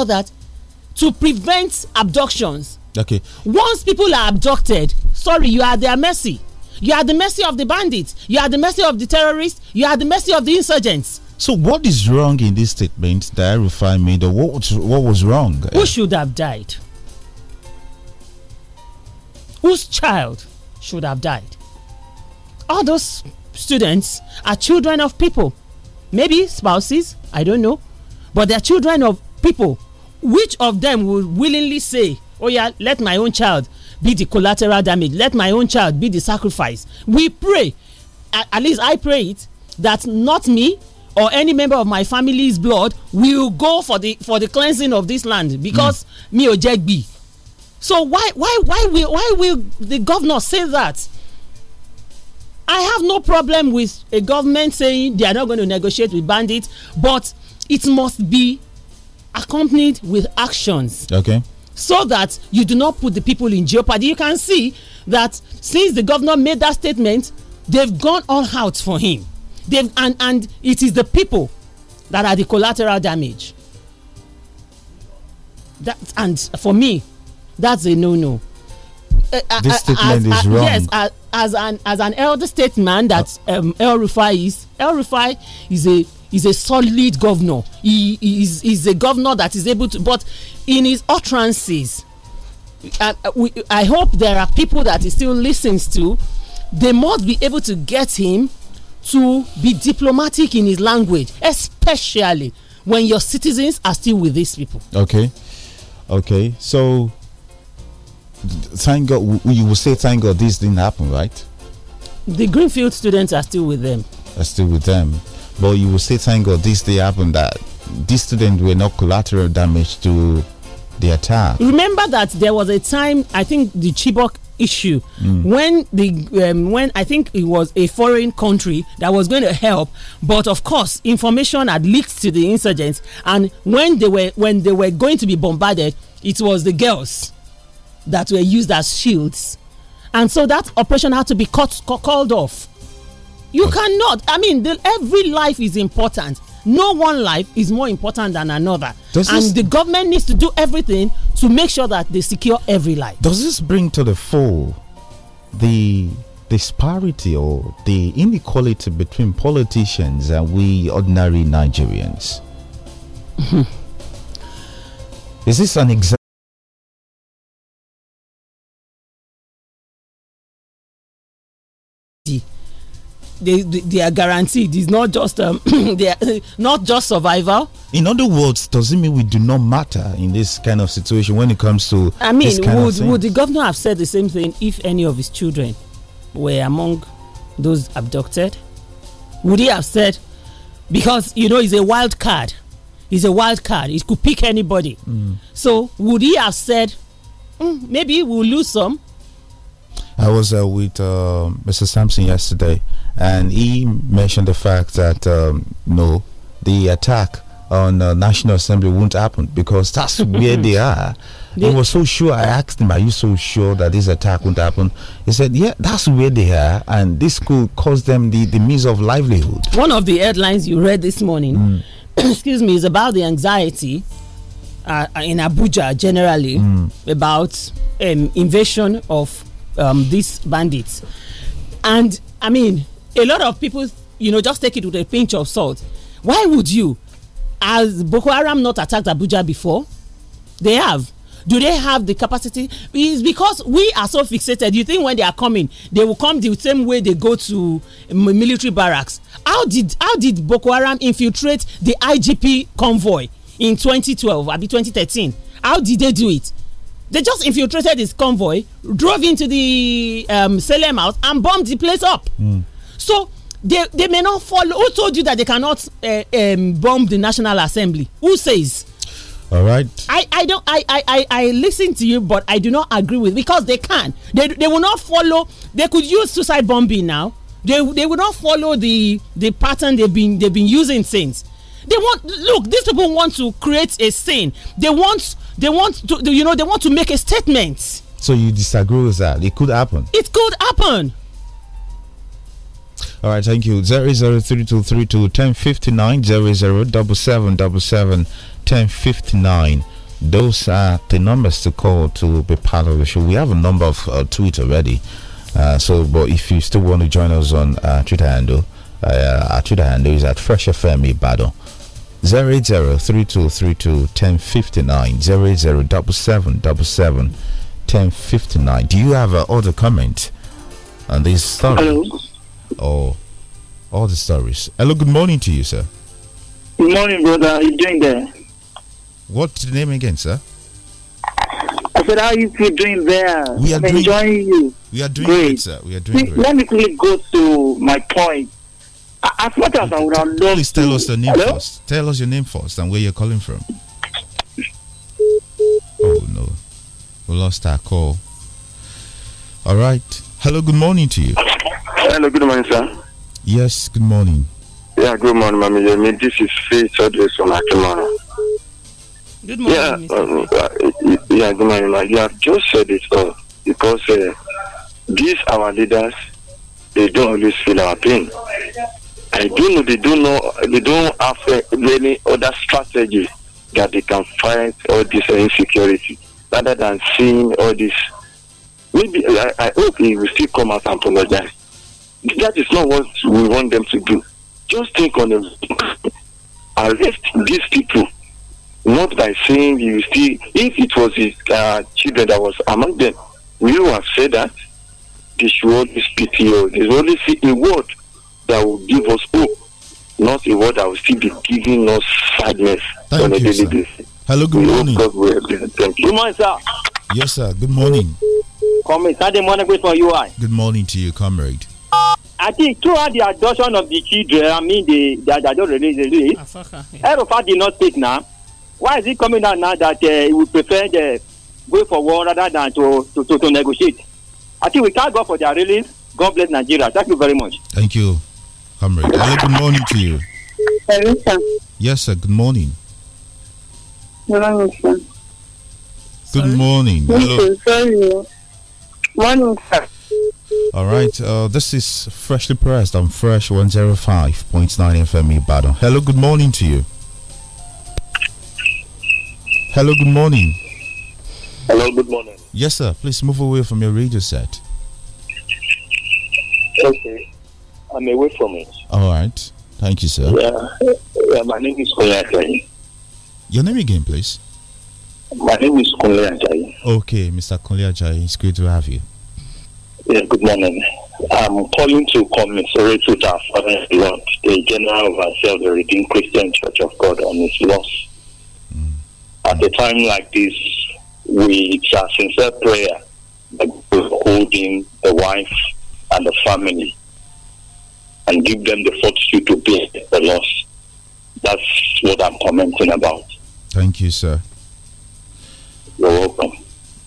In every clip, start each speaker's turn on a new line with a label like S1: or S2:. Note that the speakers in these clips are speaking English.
S1: about that to prevent abductions.
S2: Okay.
S3: Once people are abducted, sorry, you are their mercy. You are the mercy of the bandits. You are the mercy of the terrorists. You are the mercy of the insurgents.
S2: So, what is wrong in this statement that Rufai made, or what, what was wrong? Who
S3: eh? should have died? Whose child should have died? All those students are children of people, maybe spouses, I don't know, but they're children of people which of them would willingly say oh yeah let my own child be the collateral damage let my own child be the sacrifice we pray at least i pray it that not me or any member of my family's blood will go for the for the cleansing of this land because mm. or ojegbi so why why why will why will the governor say that i have no problem with a government saying they are not going to negotiate with bandits but it must be accompanied with actions. Okay. So that you do not put the people in jeopardy. You can see that since the governor made that statement, they've gone all out for him. They've and and it is the people that are the collateral damage. That and for me, that's a no-no. Uh, uh
S2: this uh, statement as, is uh, wrong. Yes,
S3: as, as an as an elder statesman that um, El Rufai is, El Rufai is a is a solid governor. He is is a governor that is able to, but in his utterances, I, we, I hope there are people that he still listens to. They must be able to get him to be diplomatic in his language, especially when your citizens are still with these people.
S2: Okay, okay. So, thank God. You will say thank God this didn't happen, right?
S3: The Greenfield students are still with them.
S2: Are still with them but you will say, thank God this day happened that these students were not collateral damage to the attack.
S3: Remember that there was a time, I think the Chibok issue mm. when the um, when I think it was a foreign country that was going to help, but of course information had leaked to the insurgents, and when they were when they were going to be bombarded, it was the girls that were used as shields, and so that operation had to be cut, called off. You cannot. I mean, the, every life is important. No one life is more important than another. Does and this, the government needs to do everything to make sure that they secure every life. Does
S2: this bring to the fore the disparity or the inequality between politicians and we ordinary Nigerians?
S1: Hmm. is this an example? they, they, are guaranteed. It's not just um, they are not just
S3: survival.
S2: In other words, doesn't mean we do not matter in this kind of situation when it comes to. I mean, would would
S3: the governor have said the same thing if any of his children were among those abducted? Would he have said, because you know he's a wild card, he's a wild card. He could pick anybody. Mm. So would he have said, mm, maybe we'll lose some,
S2: I was uh, with uh, um, Mr. Sampson yesterday, and he mentioned the fact that um, no, the attack on uh, National Assembly won't happen because that's where they are. he was so sure. I asked him, "Are you so sure that this attack won't happen?" He said, "Yeah, that's where they are, and this could cause them the the means of livelihood."
S3: One of the headlines you read this morning, mm. excuse me, is about the anxiety uh, in Abuja generally mm. about um, invasion of um, these bandits. And I mean, a lot of people, you know, just take it with a pinch of salt. Why would you? Has Boko Haram not attacked Abuja before? They have. Do they have the capacity? It's because we are so fixated. You think when they are coming, they will come the same way they go to um, military barracks. How did how did Boko Haram infiltrate the IGP convoy in 2012? I be 2013. How did they do it? They just infiltrated his convoy, drove into the um, Salem house, and bombed the place up. Mm. So they, they may not follow. Who told you that they cannot uh, um, bomb the National Assembly? Who says? All right. I, I don't I, I I listen to you, but I do not agree with because they can. They they will not follow. They could use suicide bombing now. They they will not follow the the pattern they've been they've been using since. They want look. These people want to create a scene. They want. They want to. You know. They want to make a
S2: statement. So you disagree with that? It could happen. It could happen. All right, thank you. Zero zero three two three two ten fifty nine zero zero double seven double seven ten fifty nine. Those are the numbers to call to be part of the show. We have a number of uh, tweets already, uh, so but if you still want to join us on uh, Twitter handle, uh, our uh, Twitter handle is at Fresh FM Ibadan. 08032321059 do you have uh, other comment on this story hello oh all the stories hello good morning to you sir
S4: good morning brother
S2: how you doing there what's the name again sir I said, how are you people doing there? We are I'm doing, enjoying you. We are doing great, great sir. We are doing See, great. Let me quickly go
S4: to my point as much as I would have loved Please tell us the name Hello?
S2: first. Tell us your name first and where you're calling from. Oh no. We lost our call. All right. Hello, good morning to you. Hello, good morning, sir. Yes, good morning. Yeah, good morning, Mami mean, This is Faith Address
S4: from Akimana. Good morning. Yeah, um, uh, yeah, good morning. Man. You have just said it all because uh, these our leaders, they don't always feel our pain. I do know they don't know they don't have uh, any other strategy that they can fight all this insecurity rather than seeing all this. Maybe I, I hope he will still come out and apologize. That is not what we want them to do. Just think on them, arrest these people. Not by saying you still, if it was his uh, children that was among them, we would have said that they should is speak here. They should only see a word that will give us hope, not a word that will still be giving us
S2: sadness Thank on a daily basis. Hello, good we morning. Thank you. Good morning, sir. Yes, sir. Good morning. in. Sunday morning, great for you. I. Good morning to you, comrade. I
S4: think throughout the adoption of the children, I mean, the, the, the adult release, release Erofa did not speak now. Why is it coming out now that uh, we prefer the way forward rather than to, to, to, to negotiate? I think we can't go for their release. God bless Nigeria. Thank you very
S2: much. Thank you. Comrade. Hello, good morning to you. Hello, sir. Yes, sir. Good morning.
S1: Good morning, sir.
S2: Good morning. Hello.
S1: Sorry. Morning, sir.
S2: All right. Uh, this is freshly pressed on Fresh 105.9 FM Ibadan. Hello. Good morning to you. Hello. Good morning. Hello. Good morning. Yes, sir. Please move away from your radio set.
S4: Okay. I'm away from it.
S2: All right. Thank you, sir.
S4: Yeah, yeah my name is Kole Ajayi.
S2: Your name again, please? My name is Kole Ajayi. Okay, Mr. Kole Ajayi, it's great to have you. Yeah, good morning. I'm calling to
S4: commiserate with our father in law, the general of ourselves, the Redeemed Christian Church of God, on his loss. Mm. At a time like this, we our sincere prayer, holding the wife and the family and give them the fortitude to pay the loss. That's what I'm commenting about.
S2: Thank you, sir. You're welcome.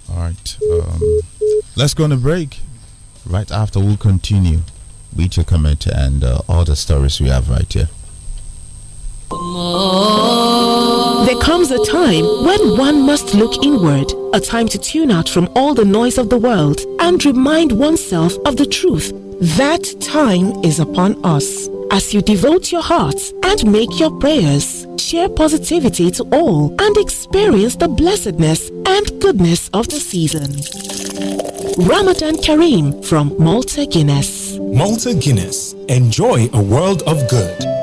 S2: All right. Um, let's go on a break. Right after, we'll continue with your comment and uh, all the stories we have right here.
S3: There comes a time when one must look inward, a time to tune out from all the noise of the world and remind oneself of the truth that time is upon us. As you devote your hearts and make your prayers, share positivity to all and experience the blessedness and goodness of the season.
S5: Ramadan Kareem from Malta Guinness.
S2: Malta
S6: Guinness. Enjoy a world of good.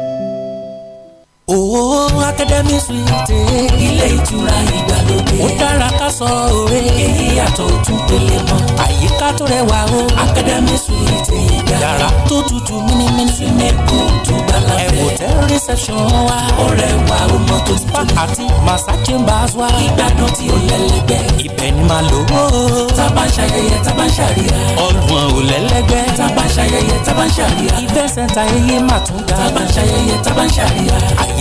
S5: Owó Akademi Suite. Ilé ìtura ìgbàlódé. Ó dára ká sọ òwe. Èyí yàtọ̀ ojú pele mọ́. Àyíká tó rẹwà o. Akademi Suite ìgbà. Yàrá tó tutù mímímí. Súnmẹ́kù tó gbàlá fẹ́. Ẹ̀wòtẹ́ reception wa. Ọ̀rẹ́ wa ó mọ tó ti tó. àti Massa Chambers wa. Ìgbádùn tí ó lẹ́lẹ́gbẹ́. Ibẹ̀ ni màá lò ó. Tábà ń ṣayẹyẹ, tábà ń ṣàríyá. Ọgbọ̀n ò lẹ́lẹ́gbẹ́. Tábà ń ṣayẹyẹ, tábà ń ṣàríyá. Ìfẹ́ ẹyẹ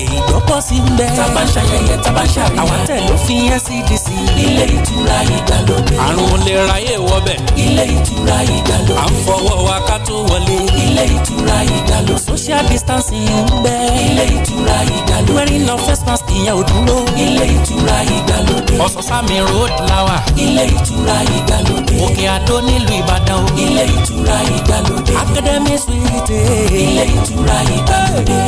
S5: ààyè ìgbọ́kọ̀ sí ń bẹ́. tábà ń ṣayẹyẹ tábà ń ṣàríyá. àwọn tẹ̀ ló fi NCDC. E ilé ìtura ìgbàlódé. àrùn olè ráyè wọbẹ̀. ilé ìtura ìgbàlódé. à ń fọwọ́ wa ká tó wọlé. ilé ìtura ìgbàlódé. social distancing ń bẹ́. ilé ìtura ìgbàlódé. wearing no face mask ìyẹn ò dúró. ilé ìtura ìgbàlódé. ọ̀sánsámi road lawa. ilé ìtura ìgbàlódé. òkè àdó nílùú ìbàdàn o. ilé ìtura ìgbàlódé. academy suite. ilé ìtura ìgbàlódé.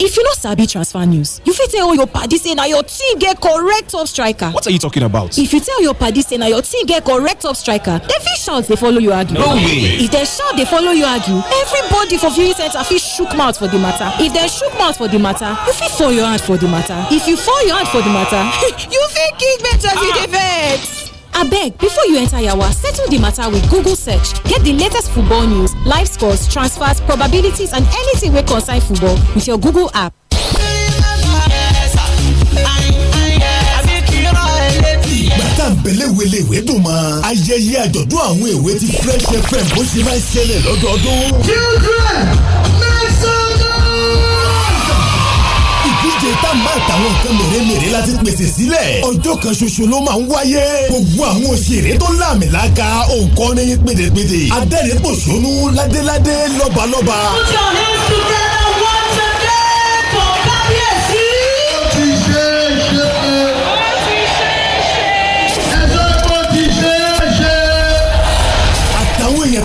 S7: if you no sabi transfer news you fit tell all your padi say na your team get correct top striker what are you talking about if you tell your padi say na your team get correct top striker dem fit shout dey follow you argue no way if dem shout dey follow you argue everybody for viewing centre fit shook mouth for di matter if dem shook mouth for di matter you fit fall your hand for di matter if you fall your hand for di matter you fit kick bet as you dey vex abeg before you enter yawa settle the matter with google search get the latest football news live scores transfers probabilities and anything wey concern football with your google app.
S8: àbẹ̀lẹ̀wẹ̀lẹ̀ dùn mọ́. ayẹyẹ àjọ̀dún àwọn èwe ti fresh fm bó ṣe máa ń ṣẹlẹ̀ lọ́dọọdún. kí àtàwọn nǹkan mèremère láti pèsè sílẹ̀ ọjọ́ kan ṣoṣo ló máa ń wáyé gbogbo àwọn òṣèré tó láàmìlàaka òǹkọ́ni pédèpédè adẹ́rẹ́pọ̀ṣónú ládéládé lọ́balọ́ba. ó jọ ní ṣùgbọ́n.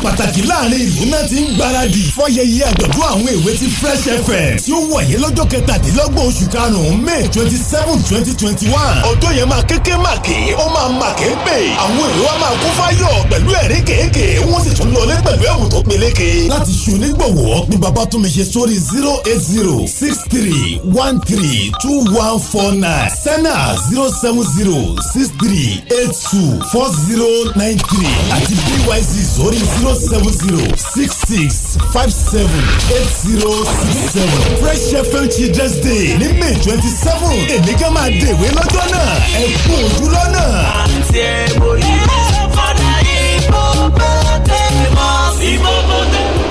S8: pàtàkì láàrin ìlú náà ti ń gbáradì fọyẹyẹ àjọ̀dún àwọn èwe ti fresh fm tí ó wọ̀nyẹ́ lọ́jọ́ kẹtàdínlọ́gbọ̀n oṣù karùn-ún may twenty seven twenty twenty one ọjọ́ yẹn máa kéké màkì ó máa màkì ń pè àwọn èrò wa máa kún fáyọ̀ pẹ̀lú ẹ̀rí kéèké wọ́n sì tún lọlé pẹ̀lú ẹ̀wù tó peléke láti ṣonígbọ̀wọ́ ni bàbá tún mi ṣe sórí zero eight zero six three one three two one four nine sena zero seven zero six three eight two four zero nine three àti byz sórí zero seven zero six six five seven eight zero six seven Fresh FM Children's Day ní May twenty seven èmi kan máa dèwé lọ́jọ́ náà ẹ kú ojú lọ́nà.
S9: àǹtí ẹ̀ mo yí. ẹ fọdà ìbò bọ́tẹ́ mọ́ ìbò bọ́tẹ́. Oh.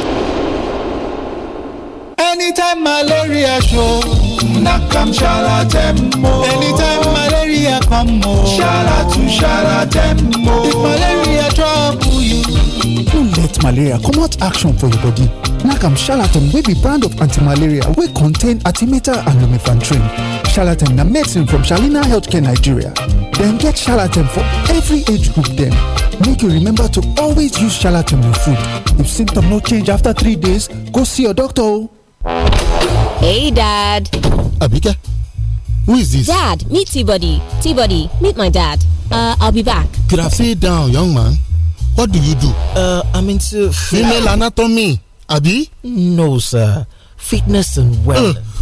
S10: Anytime malaria come
S11: nack am shalatemmo. Anytime malaria come, If malaria drop,
S10: no let malaria comot action for your body nakam charlatan wey be brand of anti-malaria wey contain artimata and lumefantrine charlatan na medicine from shalina healthcare nigeria dem get charlatan for every age group dem make you remember to always use charlatan with food if symptoms no change after three days go see your doctor
S9: hey dad.
S10: abike who is this.
S9: dad meet t-body t-body meet my dad uh, i'll be back.
S12: could i sit down young man what do you do. Uh, i'm into. female anatomy abi. no sir fitness and wellness. Uh.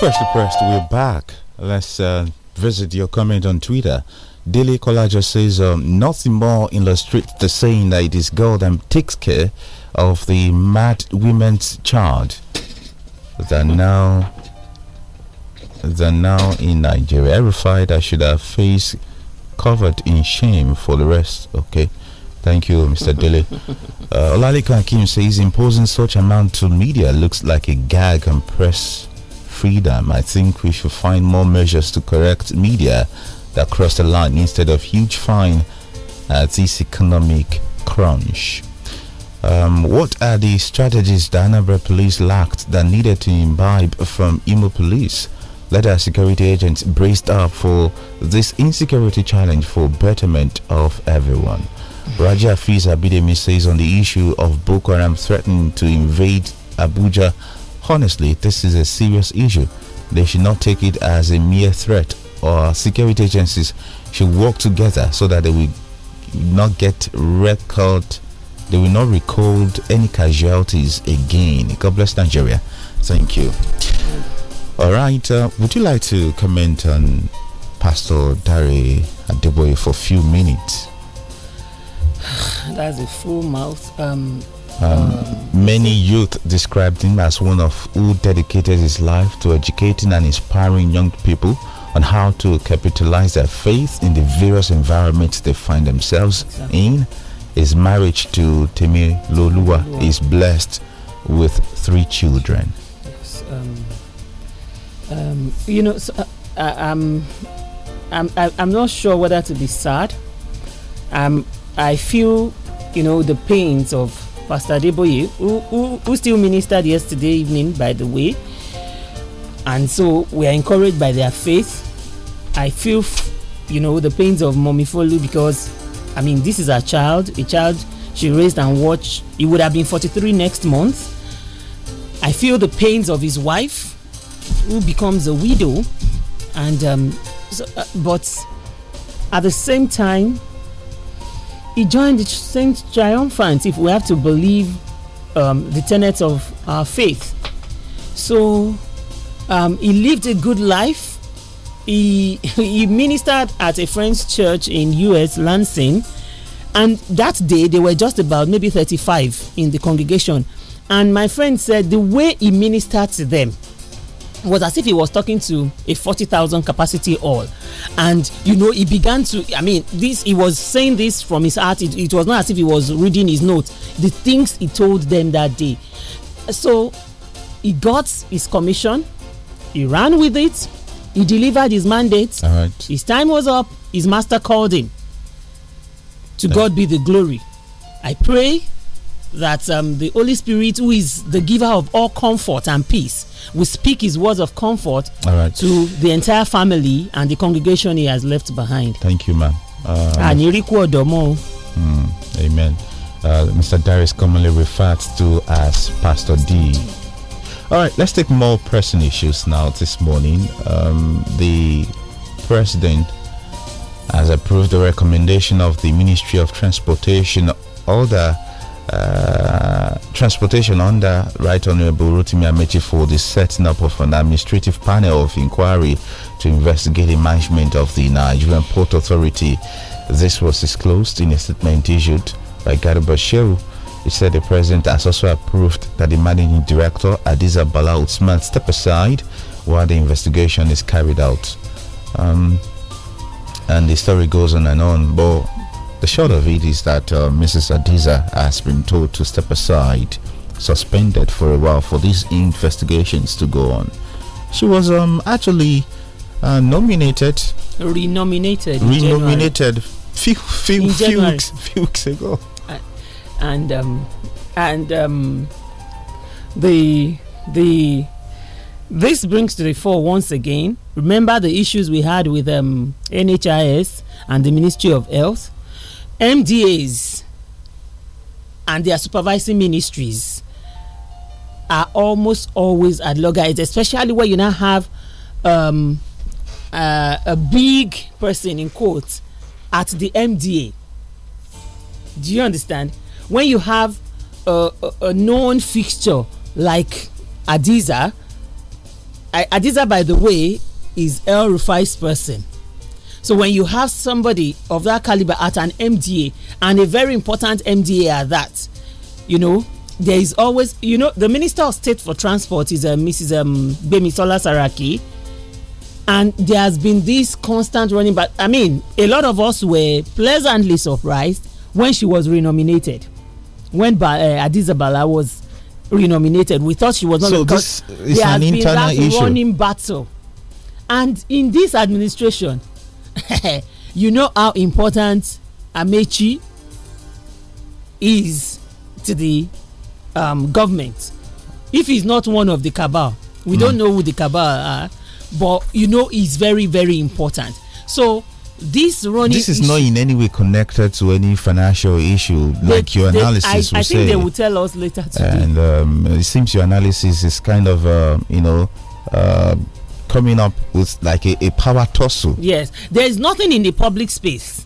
S2: Freshly pressed, we're back. Let's uh, visit your comment on Twitter. Daily Kola just says um, nothing more illustrates the saying that it is God that takes care of the mad women's child than now than now in Nigeria. Every fight I should have faced covered in shame for the rest. Okay. Thank you, Mr. Dele. Uh, Olalekan Kim says imposing such amount to media looks like a gag and press freedom. I think we should find more measures to correct media that cross the line instead of huge fine at this economic crunch. Um, what are the strategies the police lacked that needed to imbibe from Imo police? Let our security agents braced up for this insecurity challenge for betterment of everyone. Raja Fiz Abidemi says on the issue of Boko Haram threatening to invade Abuja Honestly, this is a serious issue. They should not take it as a mere threat, or security agencies should work together so that they will not get record, they will not record any casualties again. God bless Nigeria. Thank you. All right, uh, would you like to comment on Pastor Dari Adeboye for a few minutes?
S3: That's a full mouth. Um,
S2: um, many youth described him as one of who dedicated his life to educating and inspiring young people on how to capitalize their faith in the various environments they find themselves in. His marriage to Temi Lolua is blessed with three children.
S3: Yes, um, um, you know, so, uh, uh um, I, I'm, I'm, I'm not sure whether to be sad. Um, I feel, you know, the pains of Pastor Deboye, who, who, who still ministered yesterday evening, by the way. And so we are encouraged by their faith. I feel, you know, the pains of Mommy Folu because, I mean, this is a child, a child she raised and watched. It would have been 43 next month. I feel the pains of his wife, who becomes a widow, and um, so, uh, but at the same time, he joined the Saint Triumphant, if we have to believe um, the tenets of our faith. So um, he lived a good life. He, he ministered at a French church in U.S. Lansing, and that day they were just about maybe 35 in the congregation. And my friend said the way he ministered to them, was as if he was talking to a 40,000 capacity hall. And, you know, he began to, I mean, this, he was saying this from his heart. It, it was not as if he was reading his notes, the things he told them that day. So he got his commission, he ran with it, he delivered his mandate. All right. His time was up, his master called him. To yeah. God be the glory. I pray that um, the Holy Spirit, who is the giver of all comfort and peace, will speak his words of comfort to the entire family and the congregation he has left behind.
S2: Thank you, ma'am. Uh,
S3: mm,
S2: amen. Uh, Mr. Darius commonly referred to as Pastor D. All right, let's take more pressing issues now this morning. Um, the president has approved the recommendation of the Ministry of Transportation order uh, transportation under Right Honorable Rotimi Amechi for the setting up of an administrative panel of inquiry to investigate the management of the Nigerian Port Authority. This was disclosed in a statement issued by Gary Bashiru. He said the president has also approved that the managing director Adiza Bala Utsman step aside while the investigation is carried out. Um, and the story goes on and on, but the short of it is that uh, Mrs. Adiza has been told to step aside, suspended for a while for these investigations to go on. She was um, actually uh, nominated,
S3: renominated,
S2: renominated few few, few weeks few weeks ago,
S3: uh, and um, and um, the the this brings to the fore once again. Remember the issues we had with um, NHIS and the Ministry of Health MDAs and their supervising ministries are almost always at loggerheads, especially where you now have um, uh, a big person in court at the MDA. Do you understand? When you have a, a, a known fixture like Adiza, I, Adiza, by the way, is El Rufai's person. So when you have somebody of that caliber at an MDA and a very important MDA at that, you know, there is always, you know, the Minister of State for Transport is uh, Mrs. Um, Sola Saraki. And there has been this constant running back. I mean, a lot of us were pleasantly surprised when she was renominated. When ba uh, Adizabala was renominated, we thought she was not. So this is an internal issue. running battle. And in this administration, you know how important Amechi is to the um, government. If he's not one of the cabal, we mm. don't know who the cabal are, but you know he's very, very important. So this running. This is issue, not
S2: in any way connected to any financial issue, they, like your they, analysis. I, I think say. they will tell us later. Today. And um, it seems your analysis is kind of, uh, you know. Uh, coming up with like a, a power tussle.
S3: Yes, there is nothing in the public space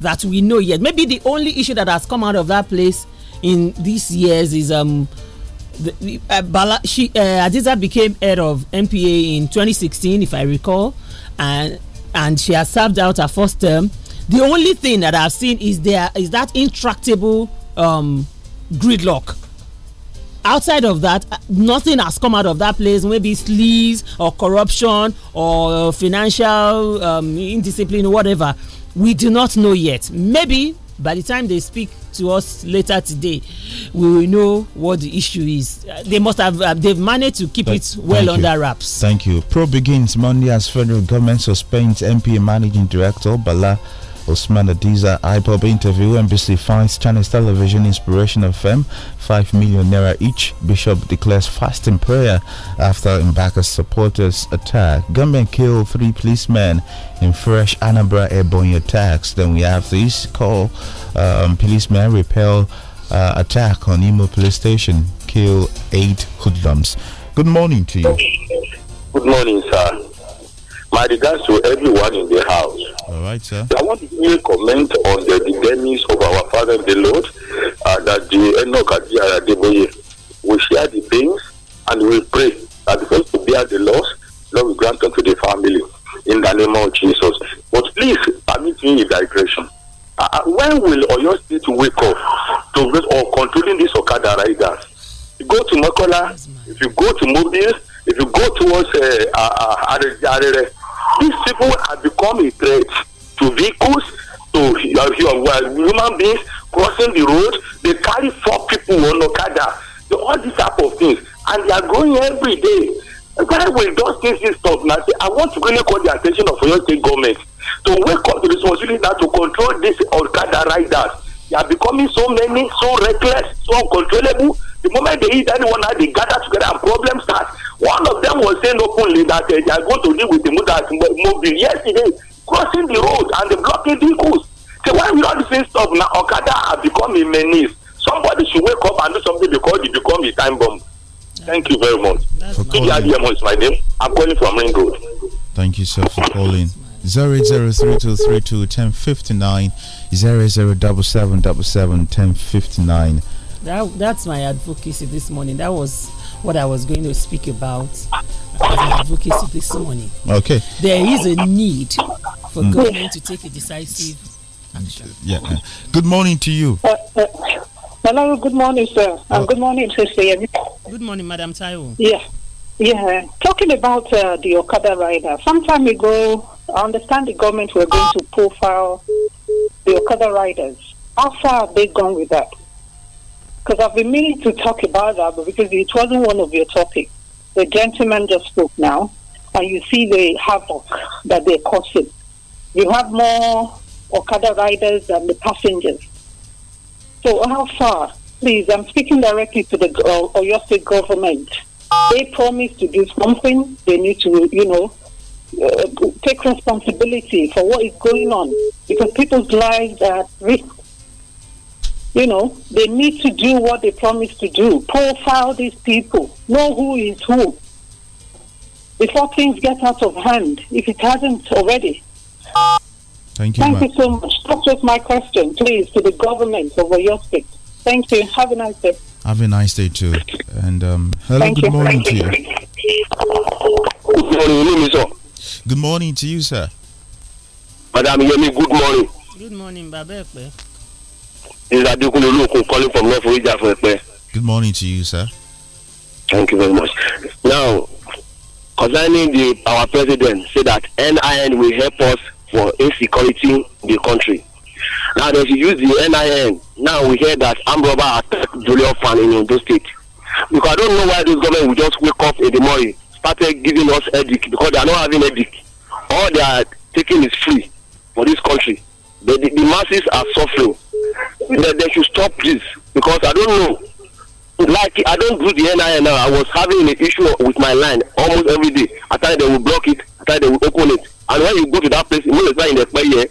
S3: that we know yet. Maybe the only issue that has come out of that place in these years is um the, uh, Bala, she uh, Adiza became head of MPA in 2016, if I recall, and and she has served out her first term. The only thing that I've seen is there is that intractable um, gridlock outside of that uh, nothing has come out of that place maybe sleaze or corruption or financial um, indiscipline whatever we do not know yet maybe by the time they speak to us later today we will know what the issue is uh, they must have uh, they've managed to keep but it well under
S2: wraps thank you probe begins monday as federal government suspends mpa managing director bala Osman Adiza IPOB interview, NBC finds Chinese television Inspiration FM 5 million naira each. Bishop declares fasting prayer after Mbaka's supporters attack. Gunmen kill three policemen in fresh Anambra airborne attacks. Then we have this call um, policemen repel uh, attack on Imo police station, kill eight hoodlums. Good morning to you.
S4: Good morning, sir. My regards to everyone in the house. All right, sir. I want to make a comment on the, demise of our Father the Lord, uh, that the Enoch uh, Adeboye. We share the pains and we pray that because to bear the loss, Lord will grant unto the family in the name of Jesus. But please permit me a digression. Uh, uh when will Oyo State wake up to get or controlling these Okada riders? You go to Makola, if you go to Mobile, if you go towards uh, uh, uh, these people have become a threat to vehicles, to human beings crossing the road. They carry four people on Okada. They all these type of things. And they are going every day. Why will those things stop now? I want to really call the attention of your state government to wake up to the responsibility now to control these Okada riders. They are becoming so many, so reckless, so uncontrollable. The moment they hit anyone now, they gather together and problems start one of them was saying openly that uh, they are going to live with the mobile yesterday, crossing the road and the blocking vehicles. So why we don't thing stop now? Okada have become a menace. Somebody should wake up and do something because it become a time bomb. Thank you very much. is my name. I'm calling from Ring Road.
S2: Thank you, sir, for calling. 08032321059
S3: that, that's my advocacy this morning that was what I was going to speak about advocacy this morning.
S2: Okay.
S1: There is a need for mm. government
S3: to take a decisive action.
S1: Yeah. Good morning to you. Uh, uh, hello, good morning, sir. Oh. And good morning, Sister.
S3: Good morning, Madam Taiwo.
S1: Yeah. Yeah. Talking about uh, the Okada rider, some time ago, I understand the government were going to profile the Okada riders. How far have they gone with that? because I've been meaning to talk about that, but because it wasn't one of your topics. The gentleman just spoke now, and you see the havoc that they're causing. You have more Okada riders than the passengers. So, how far? Please, I'm speaking directly to the uh, Oyo State government. They promised to do something. They need to, you know, uh, take responsibility for what is going on because people's lives are at risk you know, they need to do what they promised to do profile these people, know who is who before things get out of hand, if it hasn't already. Thank you. Thank you so much. That was my question, please, to the government of your State. Thank you. Have a nice day.
S2: Have a nice day too. And um, hello, Thank good you. morning Thank to you. Good morning, sir. Good morning to you, sir. Madam Yemi, good morning. Good morning, Babekwe
S4: is Adekunle calling from
S2: Good morning to you, sir. Thank you very much.
S4: Now, concerning the our president said that NIN will help us for insecurity in the country. Now they should use the NIN. Now we hear that armed robber attacked Julio Fan in Ondo State. Because I don't know why this government will just wake up in the morning, started giving us headache because they are not having headache. All they are taking is free for this country the, the, the masses are suffering they should stop this because i don't know like i don't do the nin now i was having an issue with my line almost every day I thought they would block it I thought they would open it and when you go to that place you start in the spare year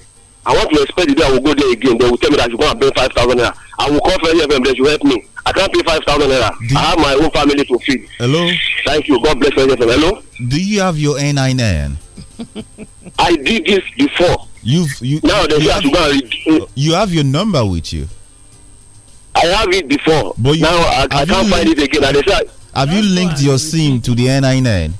S4: i want to expect the day i will go there again they will tell me that you should go and bring five thousand naira i will call for of them. they should help me i can't pay five thousand naira i have my own family to feed. hello thank you god bless you. hello.
S2: do you have your nin.
S4: I did this before. You've you now they you have to go and
S2: You have your number with you.
S4: I have it before. But you, now I, I can't find it again. they
S2: said, have you linked your SIM to the NIN?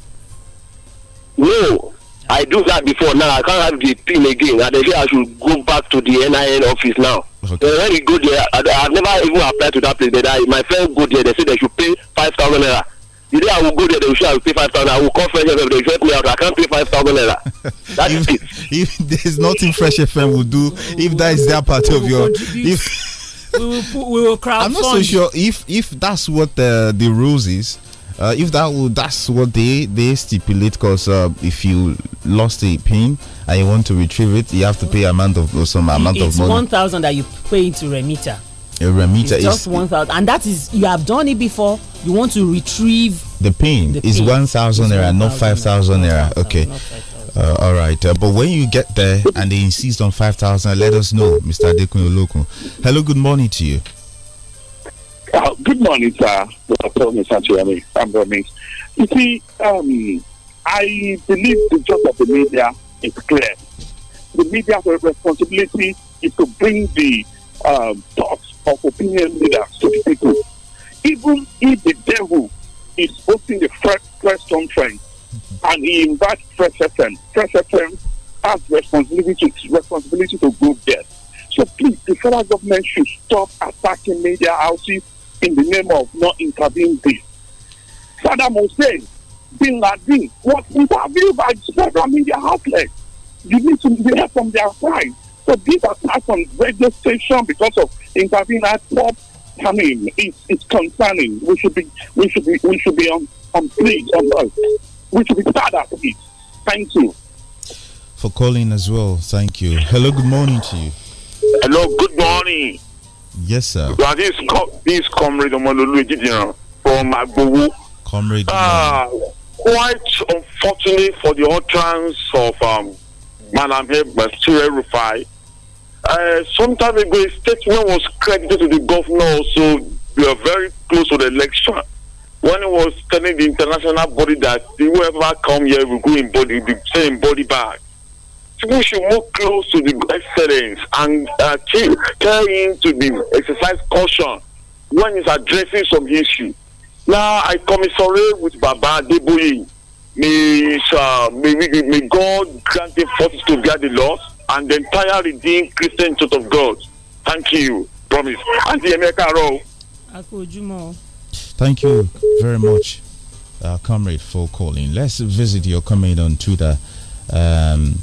S4: No, I do that before. Now I can't have the PIN again. And they say I should go back to the NIN office now. Okay. when go there, I, have never even applied to that place. But I, my friend go there. They say they should pay five thousand naira the day I will go there, they will show I will pay 5,000. I will call Fresh FM, they will me out. I can't pay 5,000
S2: naira. That is. if, it. If there's nothing Fresh FM will do, if that is that part of your. if we will, put, we will crowdfund. I'm not so sure if if that's what the, uh, the rules is. Uh, if that will, that's what they they stipulate because uh, if you lost a pin and you want to retrieve it you have to pay amount of some amount it's of money it's
S3: 1000 that you pay to remitter
S2: it's just is one
S3: thousand, and that is you have done it before. You want to retrieve
S2: the pain. The is one thousand naira, not five thousand naira. Okay. Uh, all right, uh, but when you get there and they insist on five thousand, let us know, Mr. Dekun Hello, good morning to you. Uh, good morning, sir. i I'm Ramesh.
S4: You see, um, I believe the job of the media is clear. The media's responsibility is to bring the um, thoughts of opinion leaders to the people. Even if the devil is hosting the first press conference and he invites Press FM, Press FM has responsibility to, responsibility to go there. So please, the federal government should stop attacking media houses in the name of not intervening this. Saddam Hussein, Bin Laden was interviewed by federal media outlets. You need to hear from their side. So this attack on radio station because of at top, I mean, it's, it's concerning. We should be, we should be, we should be on, on please, on, uh, we should be sad at it. Thank
S2: you. For calling as well. Thank you. Hello, good morning to you.
S4: Hello, good morning. Yes, sir. Well, this, com- this comrade Omololu Ejidiran from Agbowo. Comrade. Ah, quite unfortunately for the utterance of um, Madam Hebe Rufai uh, some time ago, a statement was credited to the governor also. We are very close to the election. When he was telling the international body that whoever come here will go in body, the same body back. So we should move close to the excellence and uh, tell him to the exercise caution when he's addressing some issue. Now I commiserate with Baba Deboye. May, uh, may, may God grant him forces to guard the laws and the entire redeemed Christian Church of God. Thank you. Promise. Auntie Emeka
S2: Thank you very much, uh, comrade, for calling. Let's visit your comment on Twitter. Um,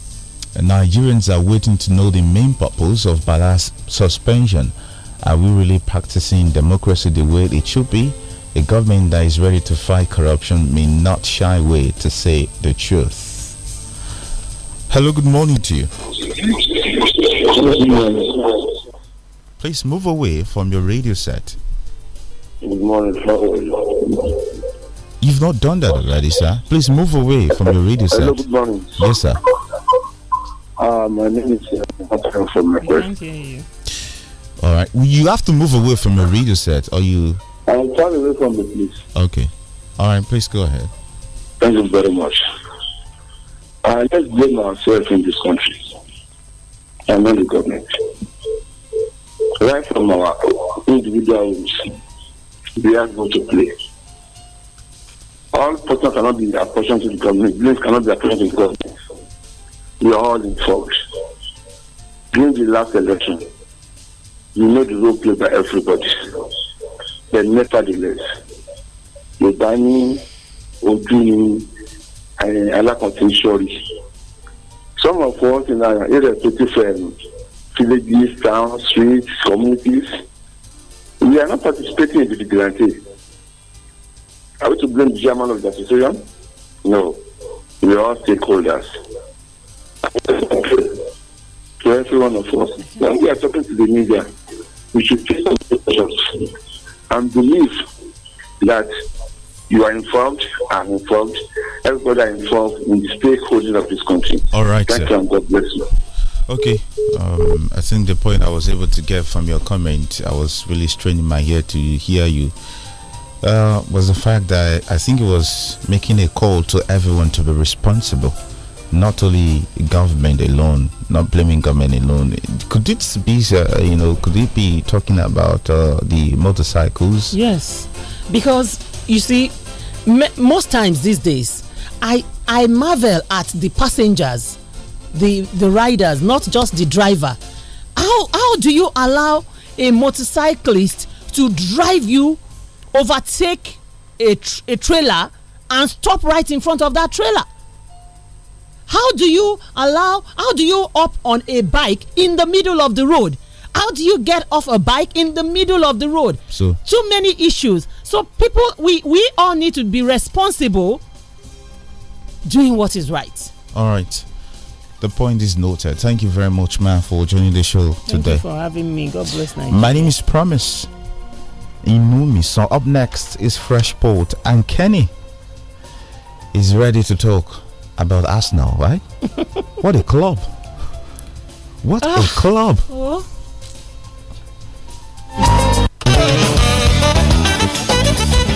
S2: Nigerians are waiting to know the main purpose of Bala's suspension. Are we really practicing democracy the way it should be? A government that is ready to fight corruption may not shy away to say the truth. Hello, good morning to you.
S1: Good morning.
S2: Please move away from your radio set. Good morning. You've not done that already, sir. Please move away from your radio set. Hello, good morning. Yes, sir.
S4: Uh, my name is uh, from my
S2: All right. Well, you have to move away from your radio set, or you.
S4: I'm trying away from the please.
S2: Okay. All right. Please go ahead.
S4: Thank you very much. Uh, let's blame ourselves in this country and not the government. Right from our individual rooms, we have got to play. All persons cannot be apportioned to the government, blames cannot be apportioned to the government. We are all in fault. During the last election, you made the role played by everybody. But nevertheless, Yobani, drinking. Eh, alákàntì sọrí some of us in our irrespective um, villages towns streets communities we are not participating in the vigilante are we to blame the chairman of the association no we are all stakeholders to every one of us when we are talking to the media we should take some precautions and believe that you are informed, I'm informed, everybody are informed the stakeholders of this country. All right. Thank sir.
S2: you God bless you. Okay, um, I think the point I was able to get from your comment, I was really straining my ear to hear you, uh, was the fact that I think it was making a call to everyone to be responsible, not only government alone, not blaming government alone. Could it be, uh, you know, could it be talking about uh, the motorcycles? Yes,
S3: because you see, most times these days, I I marvel at the passengers, the the riders, not just the driver. How how do you allow a motorcyclist to drive you, overtake a a trailer, and stop right in front of that trailer? How do you allow? How do you up on a bike in the middle of the road? How do you get off a bike in the middle of the road? So too many issues so people, we we all need to be responsible doing what is right.
S2: All right. The point is noted. Thank you very much, man, for joining the show Thank today. for
S3: having me. God bless Nigeria. My
S2: name is Promise Inumi. So up next is Freshport, and Kenny is ready to talk about Arsenal, right? what a club! What uh, a ah. club!
S5: Oh.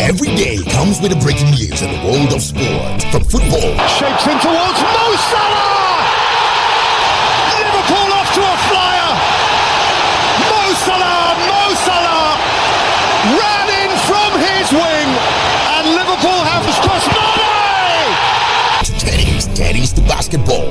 S8: Every day comes with a breaking news in the world of sport. From football, shapes
S12: in towards Mo Salah! Liverpool off to a flyer. Mo Salah, Mo Salah ran in from his wing, and Liverpool have crossed Mane. Tennis, tennis, the basketball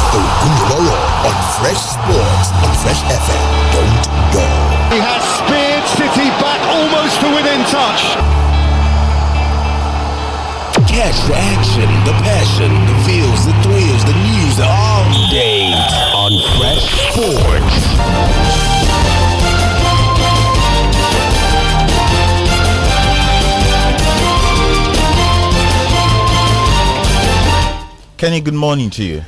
S12: tomorrow on Fresh Sports on Fresh FM. Don't go. He has speared City back almost to within touch.
S8: Catch the action, the passion, the feels, the thrills, the news all day on Fresh Sports.
S13: Kenny, good morning to you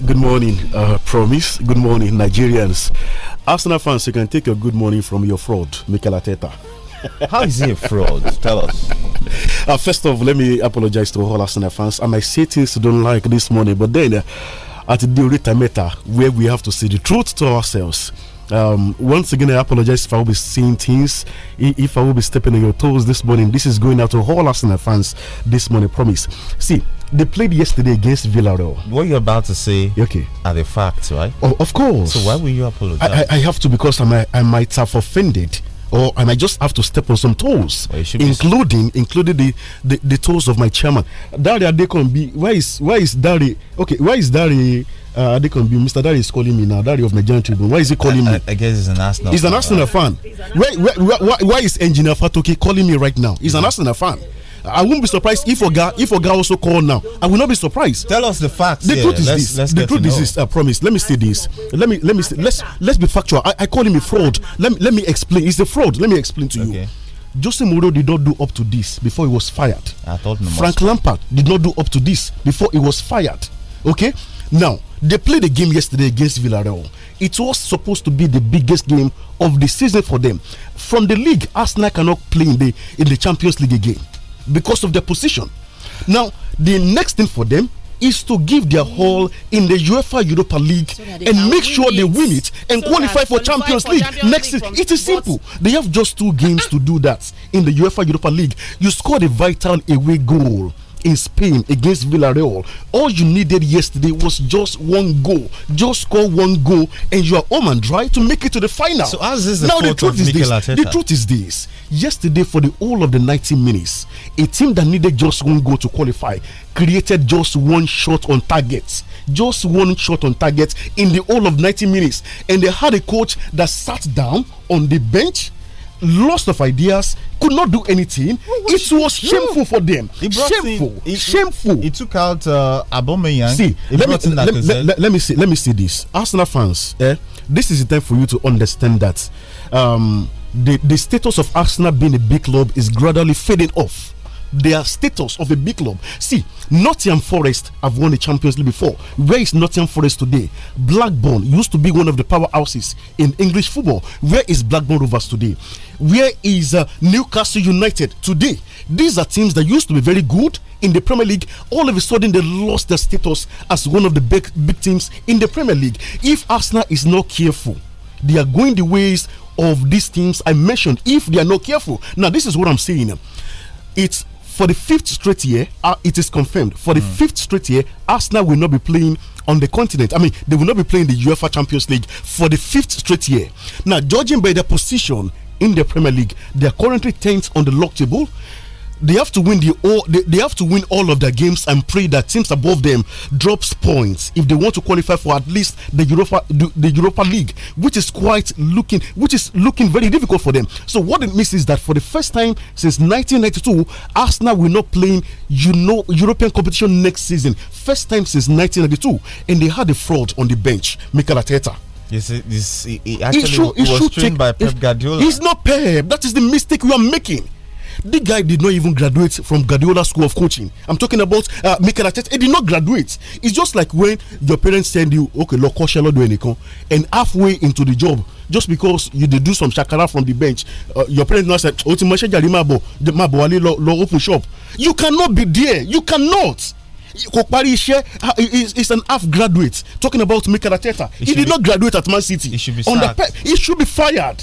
S13: good morning, uh, Promise. Good morning, Nigerians. Arsenal fans, you can take your good morning from your fraud, Mikel Ateta. How is he a fraud? Tell us. Uh, first of all, let me apologize to all Arsenal fans. I might say things you don't like this morning, but then uh, at the Rita Meta, where we have to say the truth to ourselves um, once again, I apologize if I will be seeing things, if I will be stepping on your toes this morning. This is going out to all Arsenal fans this morning, promise. See, they played yesterday against
S2: Villarreal. What you're about to say okay. are the facts, right? Oh, of course. So why will you apologize? I, I, I
S13: have to because I, I might have offended or I might just have to step on some toes, well, including including the, the, the toes of my chairman. Dari is why is Dari? Okay, is Dari? uh, Adekunbi, Mr. Daddy is calling me now. Daddy of Nigerian Tribune. Why is he calling I, me?
S2: I, guess he's an Arsenal. He's an Arsenal
S13: fan. Why, why, why, why is Engineer Fatoki calling me right now? He's yeah. an mm-hmm. Arsenal fan. I wouldn't be surprised if Oga if Oga also call now. I will not be surprised. Tell us the facts. The truth is let's, this. Let's the truth is this. I promise. Let me say this. Let me let me say, let's let's be factual. I, I call him a fraud. Let me, let me explain. It's a fraud. Let me explain to okay. you. Jose Mourinho did not do up to this before he was fired.
S2: I thought Frank
S13: Lampard did not do up to this before he was fired. Okay, now they played a game yesterday against Villarreal. It was supposed to be the biggest game of the season for them. From the league, Arsenal cannot play in the in the Champions League again because of their position. Now, the next thing for them is to give their mm. all in the UEFA Europa League so and make sure it. they win it and so qualify for Champions for League Champions next It is simple. They have just two games to do that in the UEFA Europa League. You score the vital away goal in Spain against Villarreal. All you needed yesterday was just one goal, just score one goal, and you are home and dry to make it to the final. So, as is the now, the truth is this. The truth is this. Yesterday, for the whole of the 90 minutes, a team that needed just one goal to qualify created just one shot on target. Just one shot on target in the whole of 90 minutes. And they had a coach that sat down on the bench lost of ideas, could not do anything.
S2: It was shameful for them. Shameful. In, it, shameful. He took out uh, Aubameyang. See, let me, let,
S13: let, let, me see. Let me see this. Arsenal fans, eh? eh, this is the time for you to understand that um, the the status of Arsenal being a big club is gradually fading off their status of a big club. See, Nottingham Forest have won the Champions League before. Where is Nottingham Forest today? Blackburn used to be one of the powerhouses in English football. Where is Blackburn Rovers today? Where is uh, Newcastle United today? These are teams that used to be very good in the Premier League. All of a sudden, they lost their status as one of the big, big teams in the Premier League. If Arsenal is not careful, they are going the ways of these teams I mentioned if they are not careful. Now, this is what I'm saying. It's for the fifth straight year, uh, it is confirmed. For the mm. fifth straight year, Arsenal will not be playing on the continent. I mean, they will not be playing the UEFA Champions League for the fifth straight year. Now, judging by their position in the Premier League, they are currently 10th on the log table they have to win the all they, they, have to win all of their games and pray that teams above them drops points if they want to qualify for at least the Europa the, the Europa League, which is quite looking which is looking very difficult for them. So what it means is that for the first time since 1992, Arsenal will not play you know European competition next season. First time since 1992, and they had a fraud on the bench, Mikel Arteta.
S2: Yes, this, he actually it should, it was trained by Pep Guardiola. He's
S13: not Pep. That is the mistake we are making. The guy did not even graduate from Guardiola School of Coaching. I'm talking about uh, Mikel Arteta. He did not graduate. It's just like when your parents send you, okay, lo coach, do anything, and halfway into the job, just because you did do some shakara from the bench, uh, your parents now said, ultimately, oh, ti mọṣẹ jàre máa lọ lọ open shop." You cannot be there. You cannot. kò is an half graduate talking about Mikel Arteta he did be, not graduate at Man City he should be under sacked. he should be fired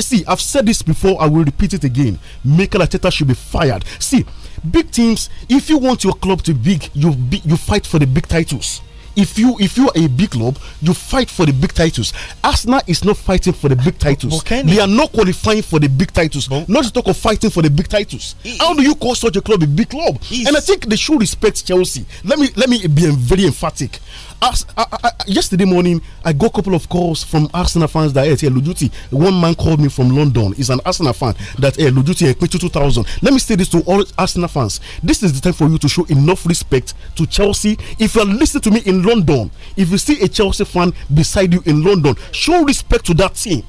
S13: See, I've said this before, I will repeat it again. Mikel Arteta should be fired. See, big teams, if you want your club to big, you be, you fight for the big titles. If you if you are a big club, you fight for the big titles. Arsenal is not fighting for the big titles. They are not qualifying for the big titles. not to talk of fighting for the big titles. How do you call such a club a big club? And I think they should respect Chelsea. Let me let me be very emphatic. I, I, yesterday morning, I got a couple of calls from Arsenal fans that, hey, Lujuti, one man called me from London. He's an Arsenal fan that, hey, Lujuti, I 2000. Let me say this to all Arsenal fans. This is the time for you to show enough respect to Chelsea. If you're listening to me in London, if you see a Chelsea fan beside you in London, show respect to that team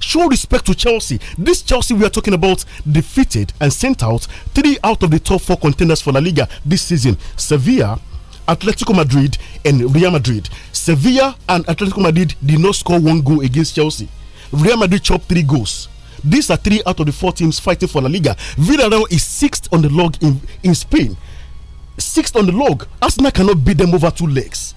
S13: show respect to Chelsea. This Chelsea we are talking about defeated and sent out three out of the top four contenders for La Liga this season. Sevilla, Atletico Madrid and Real Madrid. Sevilla and Atletico Madrid did not score one goal against Chelsea. Real Madrid chopped three goals. These are three out of the four teams fighting for La Liga. Villarreal is sixth on the log in, in Spain. Sixth on the log. Arsenal cannot beat them over two legs.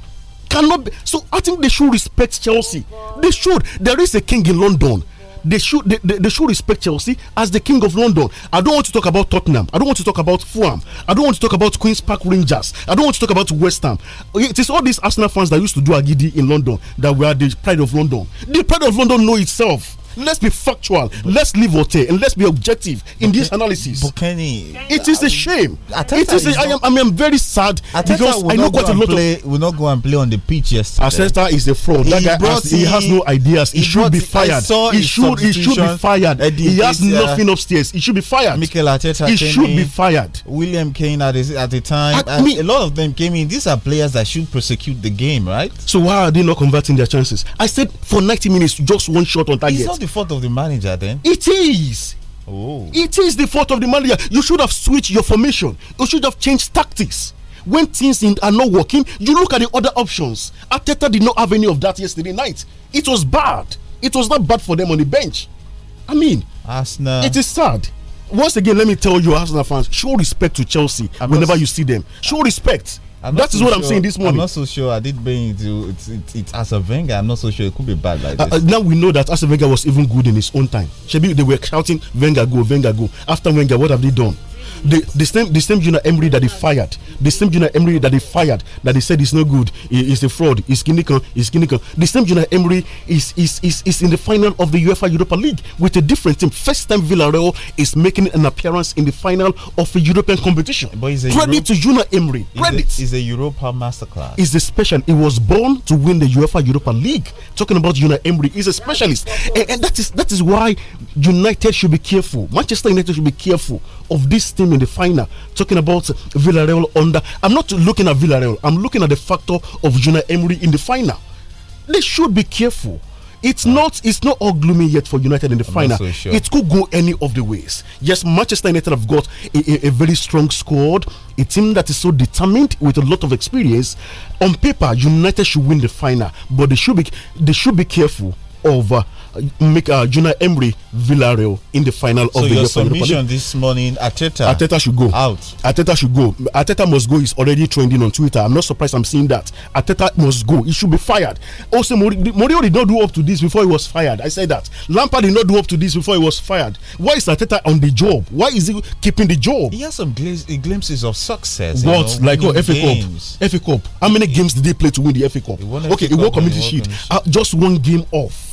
S13: Cannot be. So I think they should respect Chelsea. They should. There is a king in London they should they, they, they, should respect Chelsea as the king of London. I don't want to talk about Tottenham. I don't want to talk about Fulham. I don't want to talk about Queens Park Rangers. I don't want to talk about West Ham. It is all these Arsenal fans that used to do Agidi in London that were the pride of London. The pride of London know itself Let's be factual. But let's leave Ote and let's be objective in this analysis. it is a shame. Ateta it is. A, I am. I am very sad Ateta because I know quite a lot play, of. Will
S2: not go and play on the pitch yesterday. Ateta is a fraud. He guy has, he, he, has no ideas. He, he should be fired. He should. He should be fired. Eddie, he has uh, nothing upstairs. He should be fired. Mikel Ateta. He should be fired. William Kane at, the, at the time. At uh, me. a lot of them came in. These are players that should
S13: prosecute the game, right? So why are they not converting their chances? I said for 90 minutes, just one shot on target the
S2: fault of the manager then?
S13: It is. Oh. It is the fault of the manager. You should have switched your formation. You should have changed tactics. When things in, are not working, you look at the other options. Ateta did not have any of that yesterday night. It was bad. It was not bad for them on the bench. I mean, Arsenal. It is sad. Once again, let me tell you, Arsenal fans, show respect to Chelsea I'm whenever you see them. Show respect. That is what sure. I'm saying this morning. I'm not
S2: so sure. I did bring it to it's it, it, as a Wenger. I'm not so sure it could be bad like this.
S13: Uh, uh, now we know that as a Wenger was even good in his own time. Shebi they were shouting Wenger go, Wenger go. After Wenger, what have they done? the, the same the same Junior Emery that they fired, the same Junior Emery that they fired, that they said is no good, is a fraud, is clinical, is clinical. The same Junior Emery is is is is in the final of the UEFA Europa League with a different team. First time Villarreal is making an appearance in the final of a European competition. But is a credit to Junior Emery. Credit
S2: is a Europa masterclass. Is
S13: a special. It was born to win the UEFA Europa League. Talking about Junior Emery, is a specialist, and, and that is that is why United should be careful. Manchester United should be careful of this team in the final. Talking about Villarreal under, I'm not looking at Villarreal. I'm looking at the factor of Juna Emery in the final. They should be careful. It's uh, not it's not all gloomy yet for United in the I'm final. So sure. It could go any of the ways. Yes, Manchester United have got a, a, a, very strong squad, a team that is so determined with a lot of experience. On paper, United should win the final, but they should be they should be careful of. Uh, uh, make uh, Juna Emery Villarreal in the final so of the your submission this morning, Ateta. Ateta should go out. Ateta should go. Ateta must go He's already trending on Twitter. I'm not surprised. I'm seeing that. Ateta must go. He should be fired. Also, Mourinho did not do up to this before he was fired. I said that. Lampard did not do up to this before he was fired. Why is Ateta on the job? Why is he keeping the job?
S2: He has some glimpses of success. What you know, like oh, FA
S13: Cup? FA Cup. How many games did they play to win the FA Cup? Okay, okay, won't won Community Shield. Uh, just one game off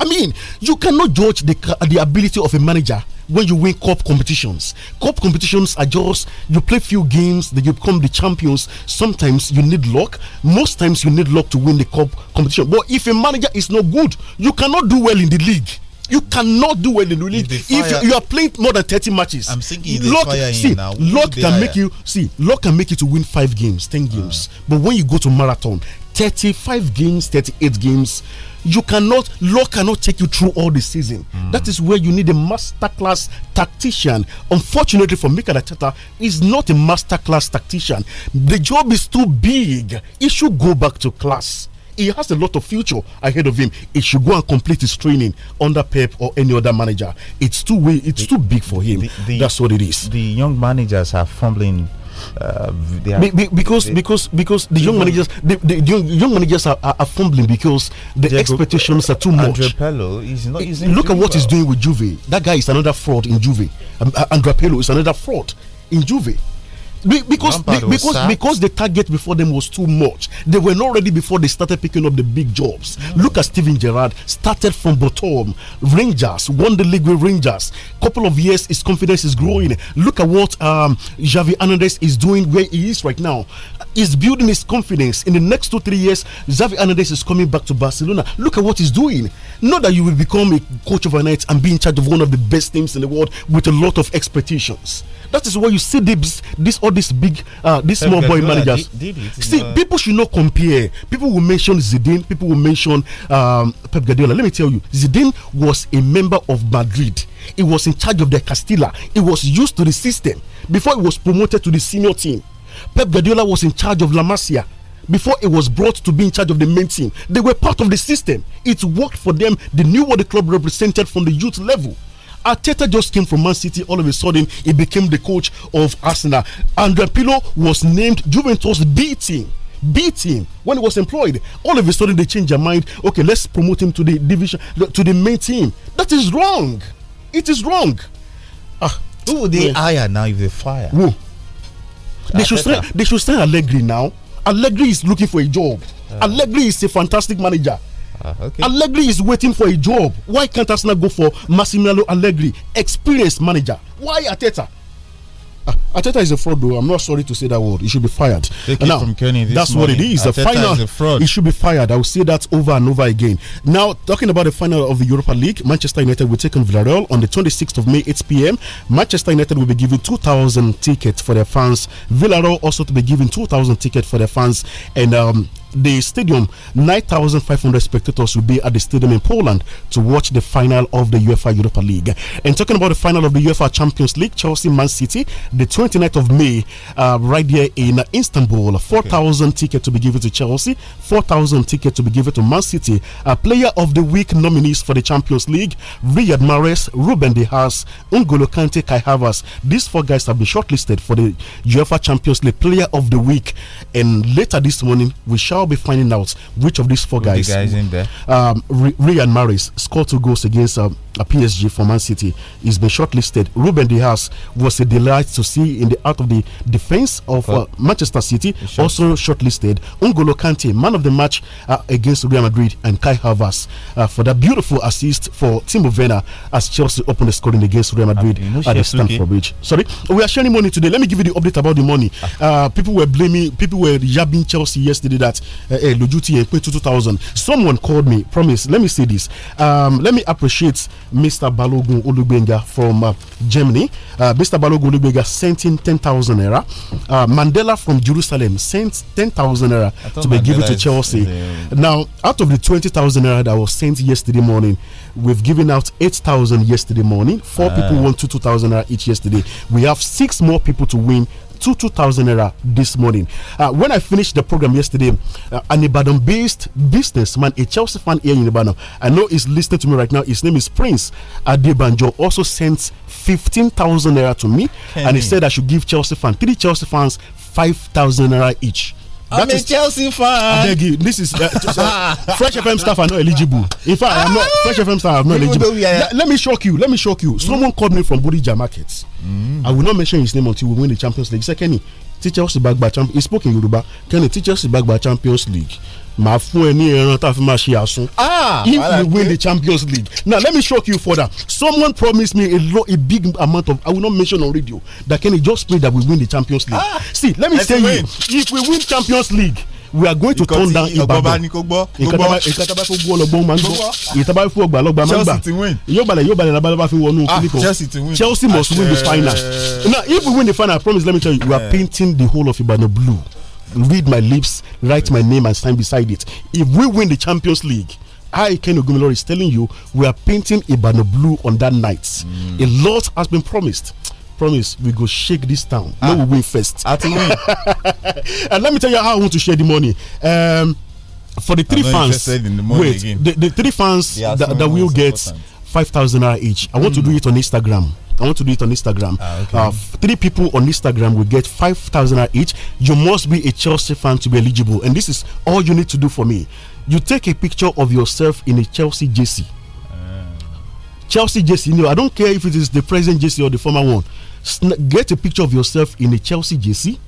S13: I mean, you cannot judge the, the ability of a manager when you win cup competitions. Cup competitions are just you play few games, then you become the champions. Sometimes you need luck. Most times you need luck to win the cup competition. But if a manager is not good, you cannot do well in the league. You cannot do well in the league if, if you, are playing more than thirty matches. I'm thinking luck, see, now. luck can make you see luck can make you to win five games, ten games. Uh. But when you go to marathon, thirty-five games, thirty-eight games you cannot law cannot take you through all the season. Mm. That is where you need a masterclass tactician. Unfortunately for Mikel Arteta, is not a masterclass tactician. The job is too big. He should go back to class he has a lot of future ahead of him. He should go and complete his training under Pep or any other manager. It's too it's the, too big for him. The, the, That's what it is. The young managers are fumbling uh, be, be, because they, because because the young managers the, the, young, young managers are, are, fumbling because the Diego, expectations are too uh, much.
S2: is not eh, Look at what well. he's
S13: doing with Juve. That guy is another fraud in Juve. Um, uh, pelo is another fraud in Juve because because because the target before them was too much. They were not ready before they started picking up the big jobs. Mm. Look at Steven Gerrard started from bottom. Rangers won the league with Rangers. Couple of years, his confidence is growing. Look at what um, Javi Hernandez is doing where he is right now. He's building his confidence. In the next two three years, Xavi Hernandez is coming back to Barcelona. Look at what he's doing. Not that you will become a coach overnight and be in charge of one of the best teams in the world with a lot of expectations. That is why you see this, this all these big, uh, these small boy managers. See, people should not compare. People will mention Zidane. People will mention um, Pep Guardiola. Let me tell you, Zidane was a member of Madrid. He was in charge of the Castilla. He was used to the system before he was promoted to the senior team. Pep Guardiola was in charge of La Masia before it was brought to be in charge of the main team. They were part of the system. It worked for them. They knew what the club represented from the youth level. Arteta just came from Man City. All of a sudden, he became the coach of Arsenal. Andrea Pirlo was named Juventus B team. B team when he was employed. All of a sudden, they changed their mind. Okay, let's promote him to the division, to the main team. That is wrong. It is wrong. Ah, who would they hire now if they fire? Who? They should sign. They should sign Allegri now. Allegri is looking for a job. Uh. Allegri is a fantastic manager. Ah, okay. Allegri is waiting for a job. Why can't Arsenal go for Massimiliano Allegri, experienced manager? Why Ateta? Uh, ah, Ateta is a fraud, though. I'm not sorry to say that word. He should be fired. Take now, from Kenny that's morning. what it is. Ateta the final, is a fraud. He should be fired. I will say that over and over again. Now, talking about the final of the Europa League, Manchester United will take on Villarreal on the 26th of May, 8 p.m. Manchester United will be giving 2,000 tickets for their fans. Villarreal also to be giving 2,000 tickets for their fans. And um, the stadium. 9,500 spectators will be at the stadium in Poland to watch the final of the UEFA Europa League. And talking about the final of the UEFA Champions League, Chelsea Man City, the 29th of May, uh, right here in Istanbul. 4,000 okay. tickets to be given to Chelsea, 4,000 tickets to be given to Man City. A player of the Week nominees for the Champions League Riyad Mahrez, Ruben Dias, Ungolo Kante, Kai Havas. These four guys have been shortlisted for the UEFA Champions League Player of the Week. And later this morning, we shall I'll be finding out which of these four guys, the guys in there. Um, Maris scored two goals against um, a PSG for Man City. He's been shortlisted. Ruben Dias was a delight to see in the out of the defense of uh, Manchester City, also shortlisted. Ungolo Kante, man of the match uh, against Real Madrid, and Kai Havas uh, for that beautiful assist for Timo Werner as Chelsea opened the scoring against Real Madrid I mean, at the Stamford Bridge. Sorry, we are sharing money today. Let me give you the update about the money. Ah. Uh, people were blaming, people were jabbing Chelsea yesterday that uh, hey, Lojuti paid 2,000. Someone called me, promise. Let me say this. Um, let me appreciate. Mr. Balogun Olubenga from uh, Germany. Uh, Mr. Balogun Olubenga sent in 10,000 era. Uh, Mandela from Jerusalem sent 10,000 era to be given to Chelsea. Now, out of the 20,000 era that was sent yesterday morning, we've given out 8,000 yesterday morning. Four ah. people won 2,000 era each yesterday. We have six more people to win Two 2,000 naira this morning. Uh, when I finished the program yesterday, uh, an Ibadan based businessman, a Chelsea fan here in Ibadan, I know he's listening to me right now. His name is Prince Adebanjo, also sent 15,000 naira to me, Kenny. and he said I should give Chelsea fan, three Chelsea fans, 5,000 naira each.
S14: I'm a Chelsea fan. I beg
S13: you. This is uh, Fresh FM staff are not eligible. In fact, I am not Fresh FM staff. are not eligible. Let, let, me shock you. Let me shock you. Mm. Someone called me from Bodija Markets. Mm. I will not mention his name until we win the Champions League. "Kenny, teachers back by champ." He spoke in Yoruba. Kenny teachers back by Champions League màá fún ẹ ní ẹran tá a fi máa ṣe àsun. ah if you win the champions league now let me shock you further someone promised me a lo a big amount of i will not mention on radio that can just pray that we win the champions league. ah see let me tell you if we win champions league we are going to turn down Ìbàdàn nǹkan tábà fún gbọ́ máa ń gbọ́ ìtàbà ọgbà lọ́gbà máa ń gbà yóò balẹ̀ yóò fi wọnú ah, kíní Chelsea must win the final now if we win the final I promise let me tell you we are eh. painting the whole of Ìbàdàn blue read my lips, write my name, and sign beside it. If we win the Champions League, I, Ken Ogumilor, is telling you, we are painting Ibano blue on that night. Mm. A lot has been promised. Promise, we go shake this town. Ah. we win first. I and let me tell you how I want to share the money. Um, for the three fans, in the wait, the, the, three fans that, that will get 5,000 each, I want mm. to do mm. it on Instagram. I want to do it on Instagram. Ah, okay. uh, three people on Instagram will get 5,000 each. You must be a Chelsea fan to be eligible. And this is all you need to do for me. You take a picture of yourself in a Chelsea jersey. Ah. Chelsea jersey, no, I don't care if it is the present jersey or the former one. Get a picture of yourself in a Chelsea jersey.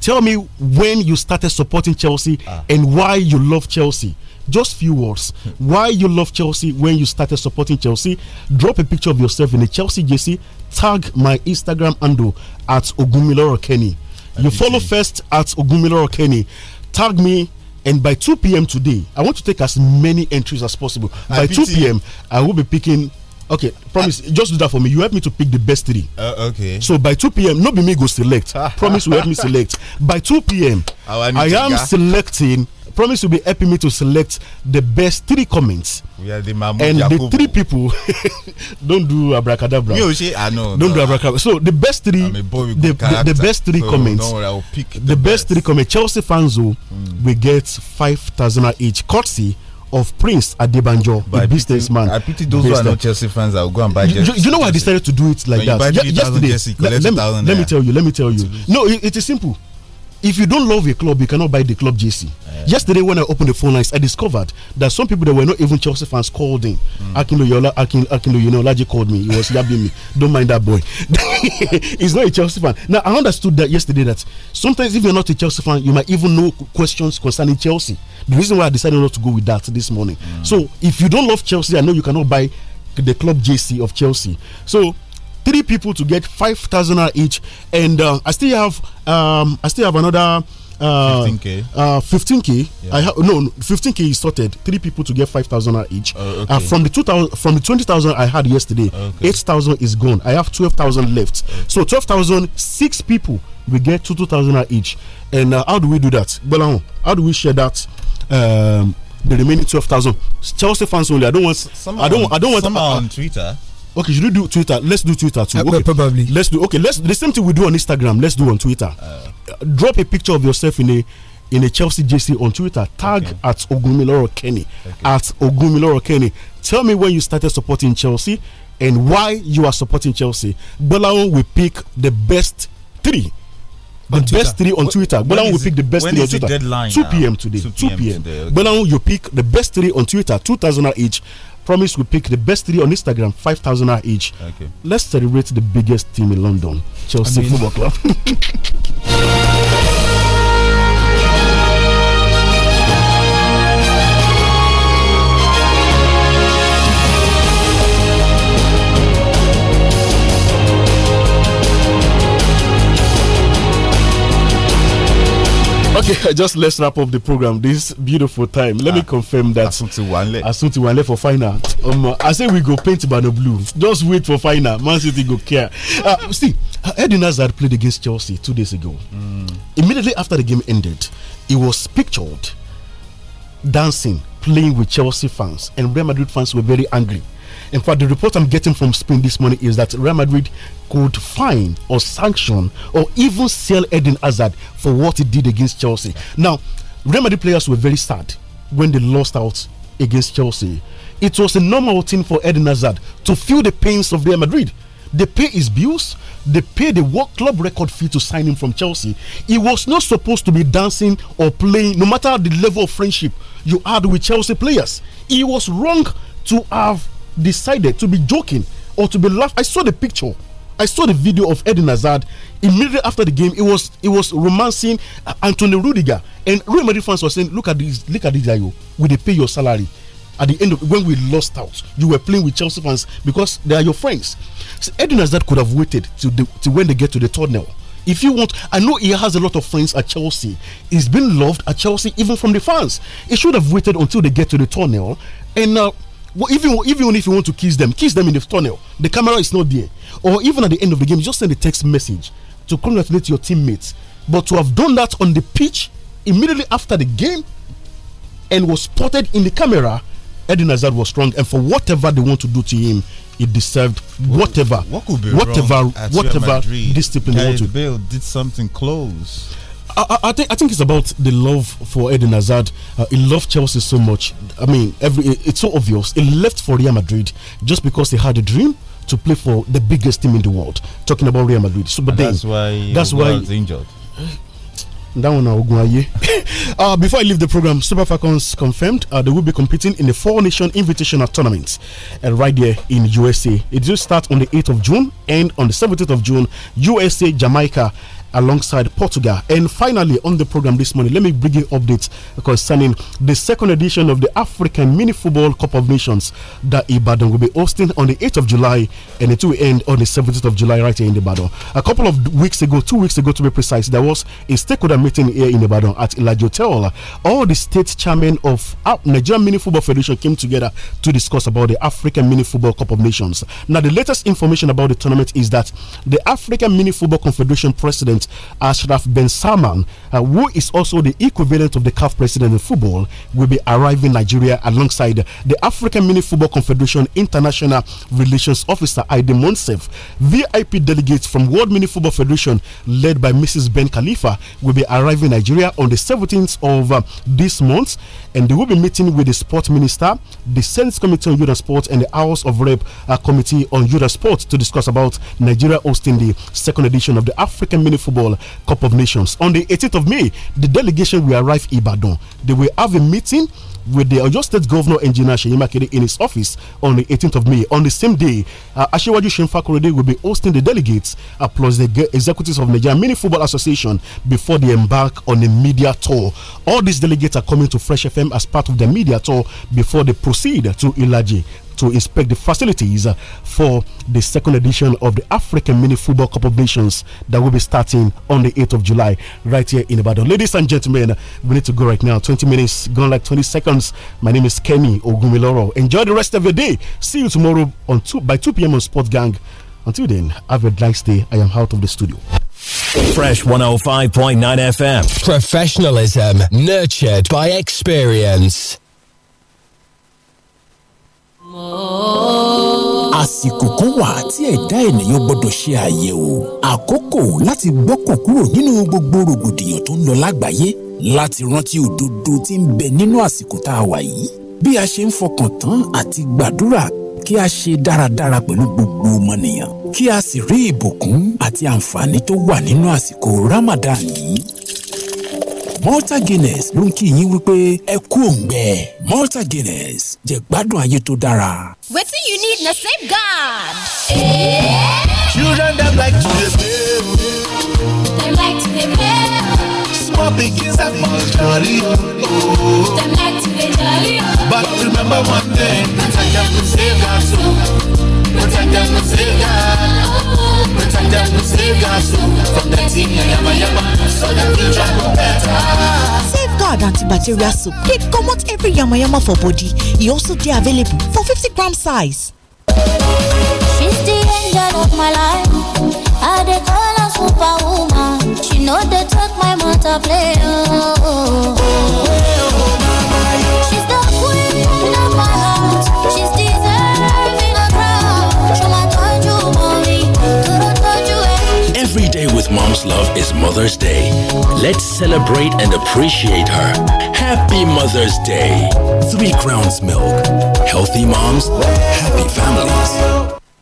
S13: Tell me when you started supporting Chelsea ah. and why you love Chelsea just few words. Why you love Chelsea when you started supporting Chelsea? Drop a picture of yourself in a Chelsea jersey. Tag my Instagram handle at Ogumiloro Kenny. You follow first at Ogumiloro Kenny. Tag me and by 2 p.m. today, I want to take as many entries as possible. by 2 p.m., I will be picking. Okay, promise. just do that for me. You help me to pick the best three.
S2: Uh, okay. So
S13: by 2 p.m., not be me go select. promise you help me select. By 2 p.m., I am selecting promise to be helping me to select the best three comments.
S2: Yeah, the and Yakubu. the three
S13: people don't do abracadabra. You say, I know, don't no, do abracadabra. So the best three, boy, the, the, the, best three so comments. No, the, the, best. three comments. Chelsea fans will, oh, mm. will get five thousand each, courtesy of Prince Adebanjo, a businessman. I pity those who are not
S2: Chelsea fans. I'll go and buy. You, you, know, why I
S13: decided to do it like when that. Ye yesterday, Jesse, let, let, me, let me tell you. Let me tell you. No, it, it is simple if you don't love a club, you cannot buy the club JC. Yeah. Yesterday, when I opened the phone lines, I discovered that some people that were not even Chelsea fans called in. Mm. Yola, Akin, you know, Laji called me. He was yabbing me. Don't mind that boy. He's not a Chelsea fan. Now, I understood that yesterday that sometimes if you're not a Chelsea fan, you might even know questions concerning Chelsea. The reason why I decided not to go with that this morning. Mm. So, if you don't love Chelsea, I know you cannot buy the club JC of Chelsea. So, three people to get five thousand each, and uh, I still have um, I still have another. Uh, 15k. Uh, 15k. Yeah. I have no, 15k is sorted. Three people to get 5,000 each. Oh, uh, okay. from the 2000 from the 20,000 I had yesterday, oh, okay. 8,000 is gone. I have 12,000 left. Okay. So 12,000 six people we get 2,000 each. And uh, how do we do that? Well, um, how do we share that um, the remaining 12,000 Chelsea fans only. I don't want I don't I don't want someone on Twitter Okay, should we do Twitter? Let's do Twitter too. Uh, okay. Probably. Let's do okay. Let's the same thing we do on Instagram. Let's do on Twitter. Uh, uh Drop a picture of yourself in a in a Chelsea JC on Twitter. Tag okay. at Ogumiloro Kenny. Okay. At Ogumiloro Kenny. Tell me when you started supporting Chelsea and why you are supporting Chelsea. Bolaon will pick the best three. The best three on Twitter. Bolaon will pick the best three on Twitter. Deadline, 2 p.m. today. 2 p.m. 2 okay. Bolaon, you pick the best three on Twitter, 2000 each, promise we pick the best three on Instagram, 5,000 each. Okay. Let's celebrate the biggest team in London, Chelsea I mean,
S12: Football Club.
S13: Okay, just let's wrap up the program. This beautiful time. Let ah, me confirm that. Asunti Wanle. Asunti Wanle for final. Um, I say we go paint Bano Blue. Just wait for final. Man City go care. Uh, see, Eddie Hazard played against Chelsea two days ago. Mm. Immediately after the game ended, he was pictured dancing, playing with Chelsea fans, and Real Madrid fans were very angry. In fact, the report I'm getting from Spain this morning is that Real Madrid could fine or sanction or even sell Eden Hazard for what he did against Chelsea. Now, Real Madrid players were very sad when they lost out against Chelsea. It was a normal thing for Eden Hazard to feel the pains of Real Madrid. They pay his bills, they pay the world club record fee to sign him from Chelsea. He was not supposed to be dancing or playing, no matter the level of friendship you had with Chelsea players. It was wrong to have decided to be joking or to be laughed. I saw the picture. I saw the video of Eden Hazard immediately after the game. It was it was romancing uh, Anthony Rudiger, and Real Madrid fans were saying, "Look at this, look at this, guy! Oh. Will they pay your salary?" At the end of when we lost out, you were playing with Chelsea fans because they are your friends. So Eden Hazard could have waited till, the, till when they get to the tunnel. If you want, I know he has a lot of friends at Chelsea. He's been loved at Chelsea, even from the fans. He should have waited until they get to the tunnel and. Uh, well, even even if you want to kiss them, kiss them in the tunnel. The camera is not there, or even at the end of the game, just send a text message to congratulate your teammates. But to have done that on the pitch immediately after the game, and was spotted in the camera, Eden Hazard was wrong, and for whatever they want to do to him, he deserved whatever, what, what whatever, whatever discipline Guy they want
S2: Bale did something close.
S13: I, I, think I think it's about the love for Eden Hazard. Uh, he loved Chelsea so much. I mean, every it's so obvious. He left for Real Madrid just because he had a dream to play for the biggest team in the world. Talking about Real Madrid. So, but then, that's why that's why
S2: injured.
S13: That one, Ogunwaye. uh, before I leave the program, Super Falcons confirmed uh, they will be competing in the Four Nation Invitational Tournament uh, right there in USA. It will start on the 8th of June and on the 17th of June, USA, Jamaica, alongside Portugal. And finally, on the program this morning, let me bring you updates concerning the second edition of the African Mini Football Cup of Nations that Ibadan will be hosting on the 8th of July and it will end on the 17th of July right here in Ibadan. A couple of weeks ago, two weeks ago to be precise, there was a stakeholder meeting here in Ibadan at Ilaji Hotel. All the state chairmen of Nigerian Mini Football Federation came together to discuss about the African Mini Football Cup of Nations. Now, the latest information about the tournament is that the African Mini Football Confederation president President Ashraf Ben Salman, uh, who is also the equivalent of the CAF President in football, will be arriving Nigeria alongside the African Mini Football Confederation International Relations Officer Aide Monsef. VIP delegates from World Mini Football Federation, led by Mrs. Ben Khalifa, will be arriving Nigeria on the 17th of uh, this month, and they will be meeting with the Sports Minister, the Senate Committee on Youth and Sport, and the House of Rep uh, Committee on Youth and Sport to discuss about Nigeria hosting the second edition of the African Mini Football. Football Cup of Nations. On the 18th of May, the delegation will arrive Ibadan. They will have a meeting with the Oyo State Governor Engineer Sheyimakede in his office on the 18th of May. On the same day, uh, Ashewaju will be hosting the delegates uh, plus the executives of Nigeria Mini Football Association before they embark on a media tour. All these delegates are coming to Fresh FM as part of the media tour before they proceed to Ilaji to inspect the facilities for the second edition of the African Mini Football Cup of Nations that will be starting on the 8th of July right here in Ibadan. Ladies and gentlemen, we need to go right now. 20 minutes gone like 20 seconds. My name is Kemi Ogumiloro. Enjoy the rest of your day. See you tomorrow on two, by 2 p.m. on Sport Gang. Until then, have a nice day. I am out of the studio.
S7: Fresh 105.9 FM.
S12: Professionalism nurtured by experience.
S6: àsìkò kan wà tí ẹ̀dá ènìyàn gbọ́dọ̀ ṣe àyẹ̀wò àkókò láti gbọ́kàn kúrò nínú gbogbo rògbòdìyàn tó ń lọ lágbàáyé láti rántí òdodo tí ń bẹ nínú àsìkò tá a wà yìí bí a ṣe ń fọkàn tán àti gbàdúrà kí a ṣe dáradára pẹ̀lú gbogbo ọmọnìyàn kí a sì rí ìbùkún àti àǹfààní tó wà nínú àsìkò Ramadan yìí malta guinness ló ń kí yín wípé ẹ kú òǹgbẹ malta guinness jẹ̀gbádùn ayé tó dára.
S7: wetin you need
S11: na safeguard. Yeah. children dem like to dey play o.
S9: dem like to dey play small pikin sef must
S8: jolly o.
S11: dem like to dey jolly o.
S8: but remember one thing
S9: protect dem from safeguard
S11: o oh. protect dem from safeguard. Protect guard and safeguard soul From the thing and yama yama So the future go better
S7: Safeguard antibacterial soap dey comot every yamayama for body It also dey available for fifty gram size.
S9: She's the angel of my life. I dey call her superwoman. She know my play. Oh, oh, oh. She's the queen of my heart. She's
S6: mom's love is Mother's Day. Let's celebrate and appreciate her. Happy Mother's Day. Three Crowns Milk. Healthy moms, happy families.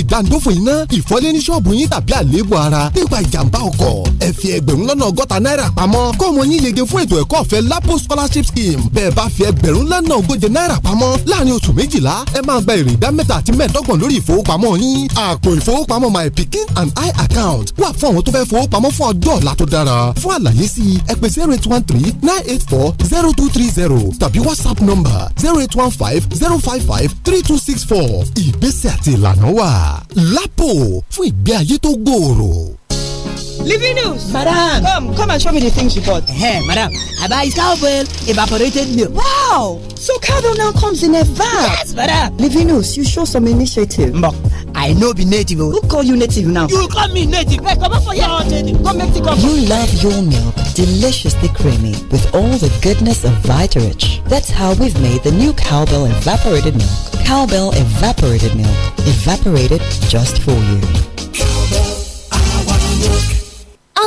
S10: lórí ìdánidófò iná ìfọ́lé ní ṣọ́ọ̀bù yín tàbí àléébù ara nípa ìjàmbá ọkọ̀ ẹ fi ẹgbẹ̀rún lọ́nà ọgọ́ta náírà pamọ́ kọ́mọ yín yege fún ètò ẹ̀kọ́ ọ̀fẹ́ lapo scholarship scheme bẹ́ẹ̀ bá fi ẹgbẹ̀rún lọ́nà ogóje náírà pamọ́ láàrin oṣù méjìlá ẹ máa gba èrè ìdá mẹ́ta àti mẹ́ẹ̀ẹ́dọ́gbọ̀n lórí ìfowópamọ́ yín àpò ìfowópamọ́ my i account wà fún àwọn tó fẹ́ fowópamọ́ fún ọjọ́ ọ̀la tó dára fún whatsapp number zero eight one five ìgbésẹ̀ àti ìlànà wà. lápò fún ìgbé ayé tó gbòòrò.
S15: Livinus! Madam! Come, come and show me the things you bought. Hey, madam, I buy cowbell, evaporated milk. Wow! So cowbell now comes in a van. Yes, madam! Livinus, you show some initiative.
S11: Mbok, I know be native. Oh. Who call you native now?
S3: You call me native. Hey, come on for your native. Come make the
S8: coffee. You
S11: love your milk deliciously creamy with all the goodness of vitrage.
S8: That's how we've made the new cowbell evaporated milk Cowbell evaporated milk,
S7: evaporated just for you.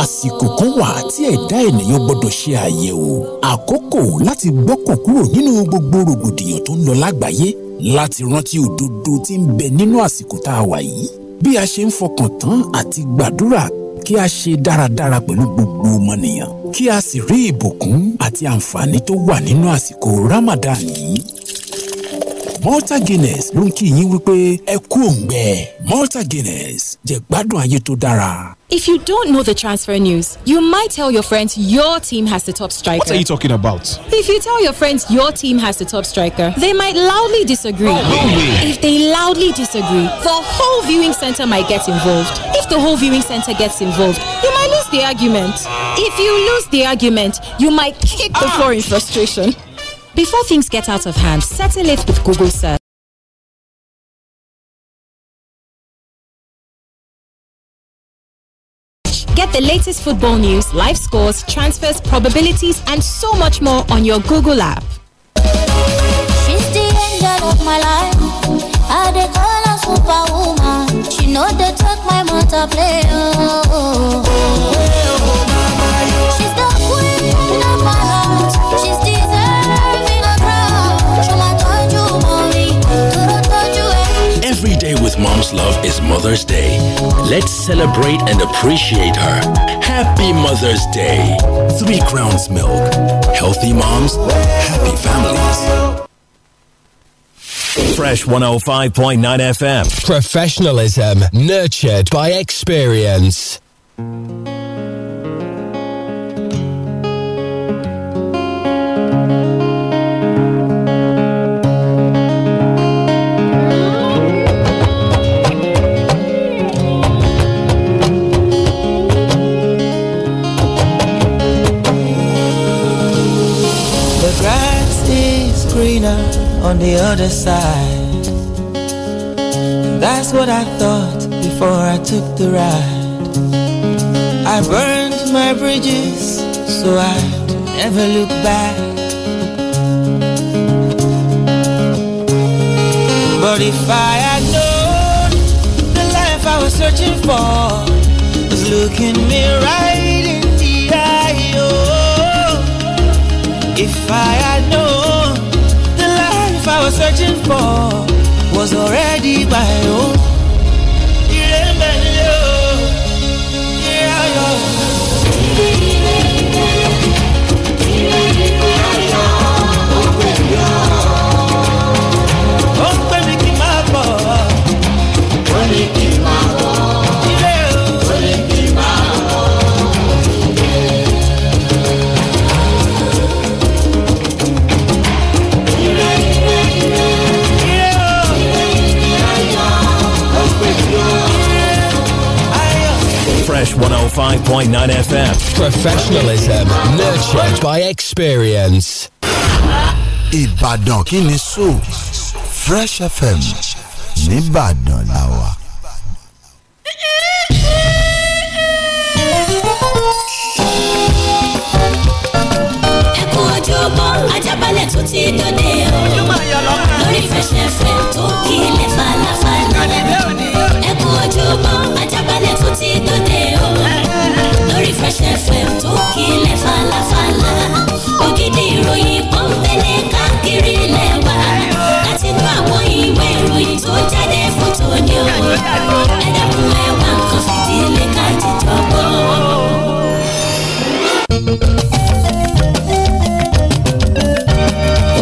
S6: àsìkò kan wà tí ẹ̀dá ènìyàn gbọ́dọ̀ ṣe àyẹ̀wò àkókò láti gbọ́kàn kúrò nínú gbogbo rògbòdìyàn tó ń lọ lágbàáyé láti rántí òdodo tí ń bẹ nínú àsìkò tá a wà yìí bí a ṣe ń fọkàn tán àti gbàdúrà kí a ṣe dáradára pẹ̀lú gbogbo ọmọnìyàn kí a sì rí ìbùkún àti àǹfààní tó wà nínú àsìkò Ramadan yìí malta guinness ló ń kí yín wípé ẹ kú òǹgbẹ malta guinness ayé tó dára.
S7: If you don't know the transfer news, you might tell your friends your team has the top striker. What are you
S6: talking about?
S7: If you tell your friends your team has the top striker, they might loudly disagree. Oh, no way. If they loudly disagree, the whole viewing center might get involved. If the whole viewing center gets involved, you might lose the argument. If you lose the argument, you might kick the ah. floor
S1: in frustration. Before things get out of hand, settle it with Google Search. Get the latest football news, live scores, transfers, probabilities, and
S7: so much more on your Google app.
S9: She's the angel of my life. I dey call her superwoman. She know they my play. Oh, oh, oh.
S6: mom's love is Mother's Day. Let's celebrate and appreciate her. Happy Mother's Day. Three Crowns Milk.
S7: Healthy moms, happy families. Fresh 105.9 FM.
S12: Professionalism nurtured by experience.
S5: on the other side. That's what I thought before I took the ride. I burned my bridges so I'd never look back. But if I had known the life I was searching for was looking me right in the eye, oh, if I was already my own.
S7: Fresh 105.9 FM. Professionalism nurtured by experience. Ibadan kini so Fresh
S11: FM nìbàdàn làwà.
S9: ẹkún ojúbọ ajábalẹ̀ tó ti dòde o lórí Fresh FM tó kílẹ̀ falafala ẹkún ojúbọ ajábalẹ̀ Fresh FM tó kílẹ̀ falafala ògidì ìròyìn kan fẹ́lẹ̀ káàkiri lẹ́wà láti inú àwọn ìwé ìròyìn tó jáde fún tòní o ẹ̀dẹ́kun ẹ̀wà nǹkan fìdílé ká jíjọ gbọ́.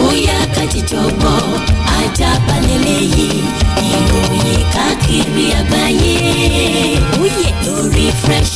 S9: bóyá ká jíjọ gbọ́ ajá balẹ̀ lẹ́yìn ìròyìn káàkiri àgbáyé lórí Fresh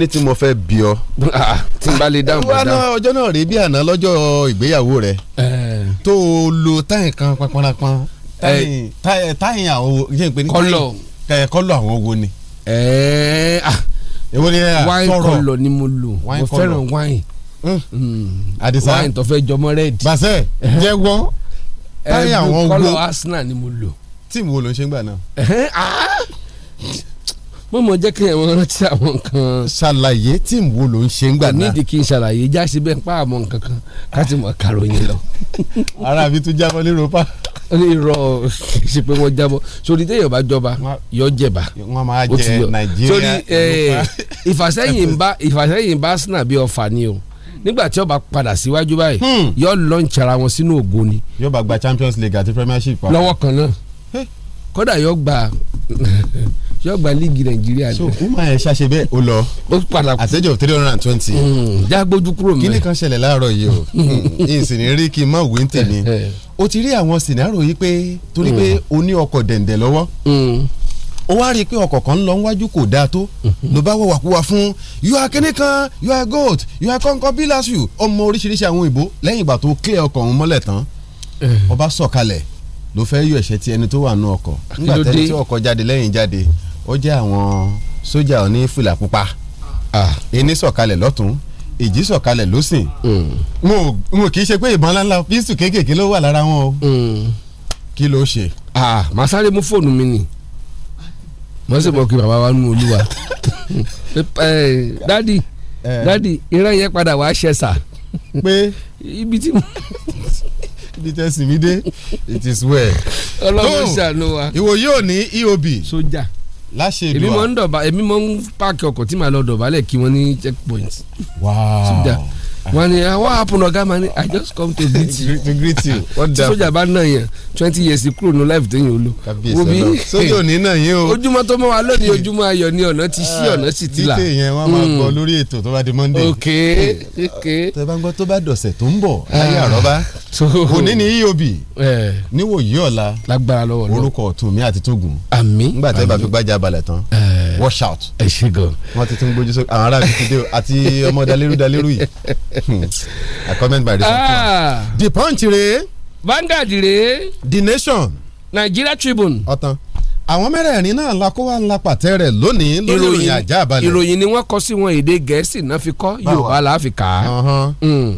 S14: ní tí mo fẹ́ bí ọ. Ah, ah, tí n bá lè dáhùn bá dáhùn. ọjọ́ náà rèé bí àná lọ́jọ́ ìgbéyàwó rẹ̀ eh. tó o
S16: lo táyìn kan panpanrapan
S14: táyìn eh. àwọn kí n pè ní táyìn
S16: kọ́lọ̀ àwọn wo ni. Eh, ah. èwo ni ẹ sọ̀rọ̀ wáìn kọ́lọ̀ ni mo lò mo fẹ́ràn wáìn. Hmm. Hmm. àdìsá wáìn tó fẹ́ jọmọ rẹ́ẹ̀dì. bàṣẹ jẹ́wọ́ táyìn àwọn wo. kọ́lọ̀
S14: Arsenal ni mo lò. tíìmù wo ló ń ṣe gbà náà
S16: mọ̀mọ́ jẹ́ kí ẹ̀wọ̀n rántí àwọn nǹkan. ṣàlàyé tí n wo ló ń ṣe ń gbà náà. nídìí kí n ṣàlàyé já bẹ́ẹ̀ pa àmọ́ nǹkan kan ká ti mọ̀ karòyìn lọ. ara mi tún jábọ́ lérò pa. ní irọ́ ṣe pé wọ́n jábọ́ sórí téèyàn bá jọba yọ jẹba. wọ́n máa jẹ nàìjíríà. sórí eh, ìfàsẹ́yìn bá ìfàsẹ́yìn bá sinà bí ọfà ni o nígbà tí ó bá padà síwájú báyìí hmm. yọ lọ́ọ̀nì ara wọn sínú ògo yóò bá gba Champions League àti Premiership. lọ́wọ́ kan náà kódà yóò gba
S14: yóò gba líìgì nàìjíríà. so uma ẹ ṣàṣe bẹ́ẹ̀ o lọ àtẹjọ three hundred and twenty. Mm, jágbójú kúrò mẹ. kí ni kan ṣẹlẹ̀ láàárọ̀ yìí o ìsìn rí kí n má wé tèmi eh, eh. o ti rí àwọn sìnárò yìí pé torí pé mm. o ní ọkọ̀ dẹ̀ǹdẹ̀ lọ́wọ́ ó mm. wá rí i pé ọkọ̀ kan ń lọ níwájú kò dáa tó mm-hmm. ló bá wọ̀wà kúwa fún you are kinní kan you are goat you are kankan bí you ọmọ oríṣiríṣi àwọn òyìnbó lẹ́yìn ìgbà tó clear ọkọ̀ ọ̀hún mọ́lẹ̀ eh ló fẹ́ yọ ẹ̀ṣẹ̀ ti ẹni tó wà nù ọkọ̀ nígbà tẹ́ni tí ọkọ̀ jáde lẹ́yìn jáde ó jẹ́ àwọn sójà oní fìlà pupa ẹni sọ̀kalẹ̀ lọ́tún èjì sọ̀kalẹ̀ lọ́sìn hmm. mo kì í ṣe pé ìbọn ńláńlá píìsù kéékèèké ló wà lára
S16: wọn o hmm. kí ló ṣe. màá sáré mú fóònù mi nì mo sì mọ̀ kí bàbá wa nù olúwa eh, dádì eh. dádì ìran yẹn padà wàá ṣẹ̀ṣà pé ibi tí mo. bí tẹ̀sí mi dé it is well. ọlọ́run ṣàánú wa. ìwò yóò ní eob. sójà láṣẹ ìlú èmi mọ̀ ń dọ̀bà èmi mọ̀ ń páàkì ọkọ̀ tí màá lọ dọ̀bálẹ̀ kí wọ́n ní checkpoint. wow sójà. So, wọ́n ní eh, what happened ọ̀gá ma i just come to greet you to greet you what the soja bá náà yẹn twenty years kúrò ní life tẹ̀yìn olú obi sójú òní náà yín o ojúmọ́ tó mọ́ wa lónìí ojúmọ́ ayọ̀ ni ọ̀nà ti ṣí ọ̀nà sì ti là títẹ̀ yẹn wọ́n máa gbọ́ hmm. lórí ètò tó bá di monday
S14: ok ok tẹ bá ń gbọ́ tó bá dọ̀sẹ̀ tó ń bọ̀ láyé ah. àrọ́bá òní ni eob eh. níwòyí ọ̀la lágbára lọ́wọ́ lọ orúkọ ọ̀tún mi àti tógun àmì nígbà tẹ́ bá fi gbájà balẹ̀ tán eh. wash out ẹ ṣe gan wọ́n ti tún gbójú sókè àwọn ará mi ti dé o àti ọmọ dalérú dalérú yìí a hmm. comment by the ah. the punch rèé. Vanguard rèé. the nation. Nigeria Tribune. ọ̀tàn àwọn mẹ́rẹ̀ẹ̀rin náà la kó wa ń la pàtẹ́ rẹ̀ lónìí lórí ìròyìn ajá balẹ̀. ìròyìn ni
S16: wọ́n kọ sí wọn èdè gẹ̀ẹ́sì náà fi kọ́ yorùbá la fi kà á. Hmm.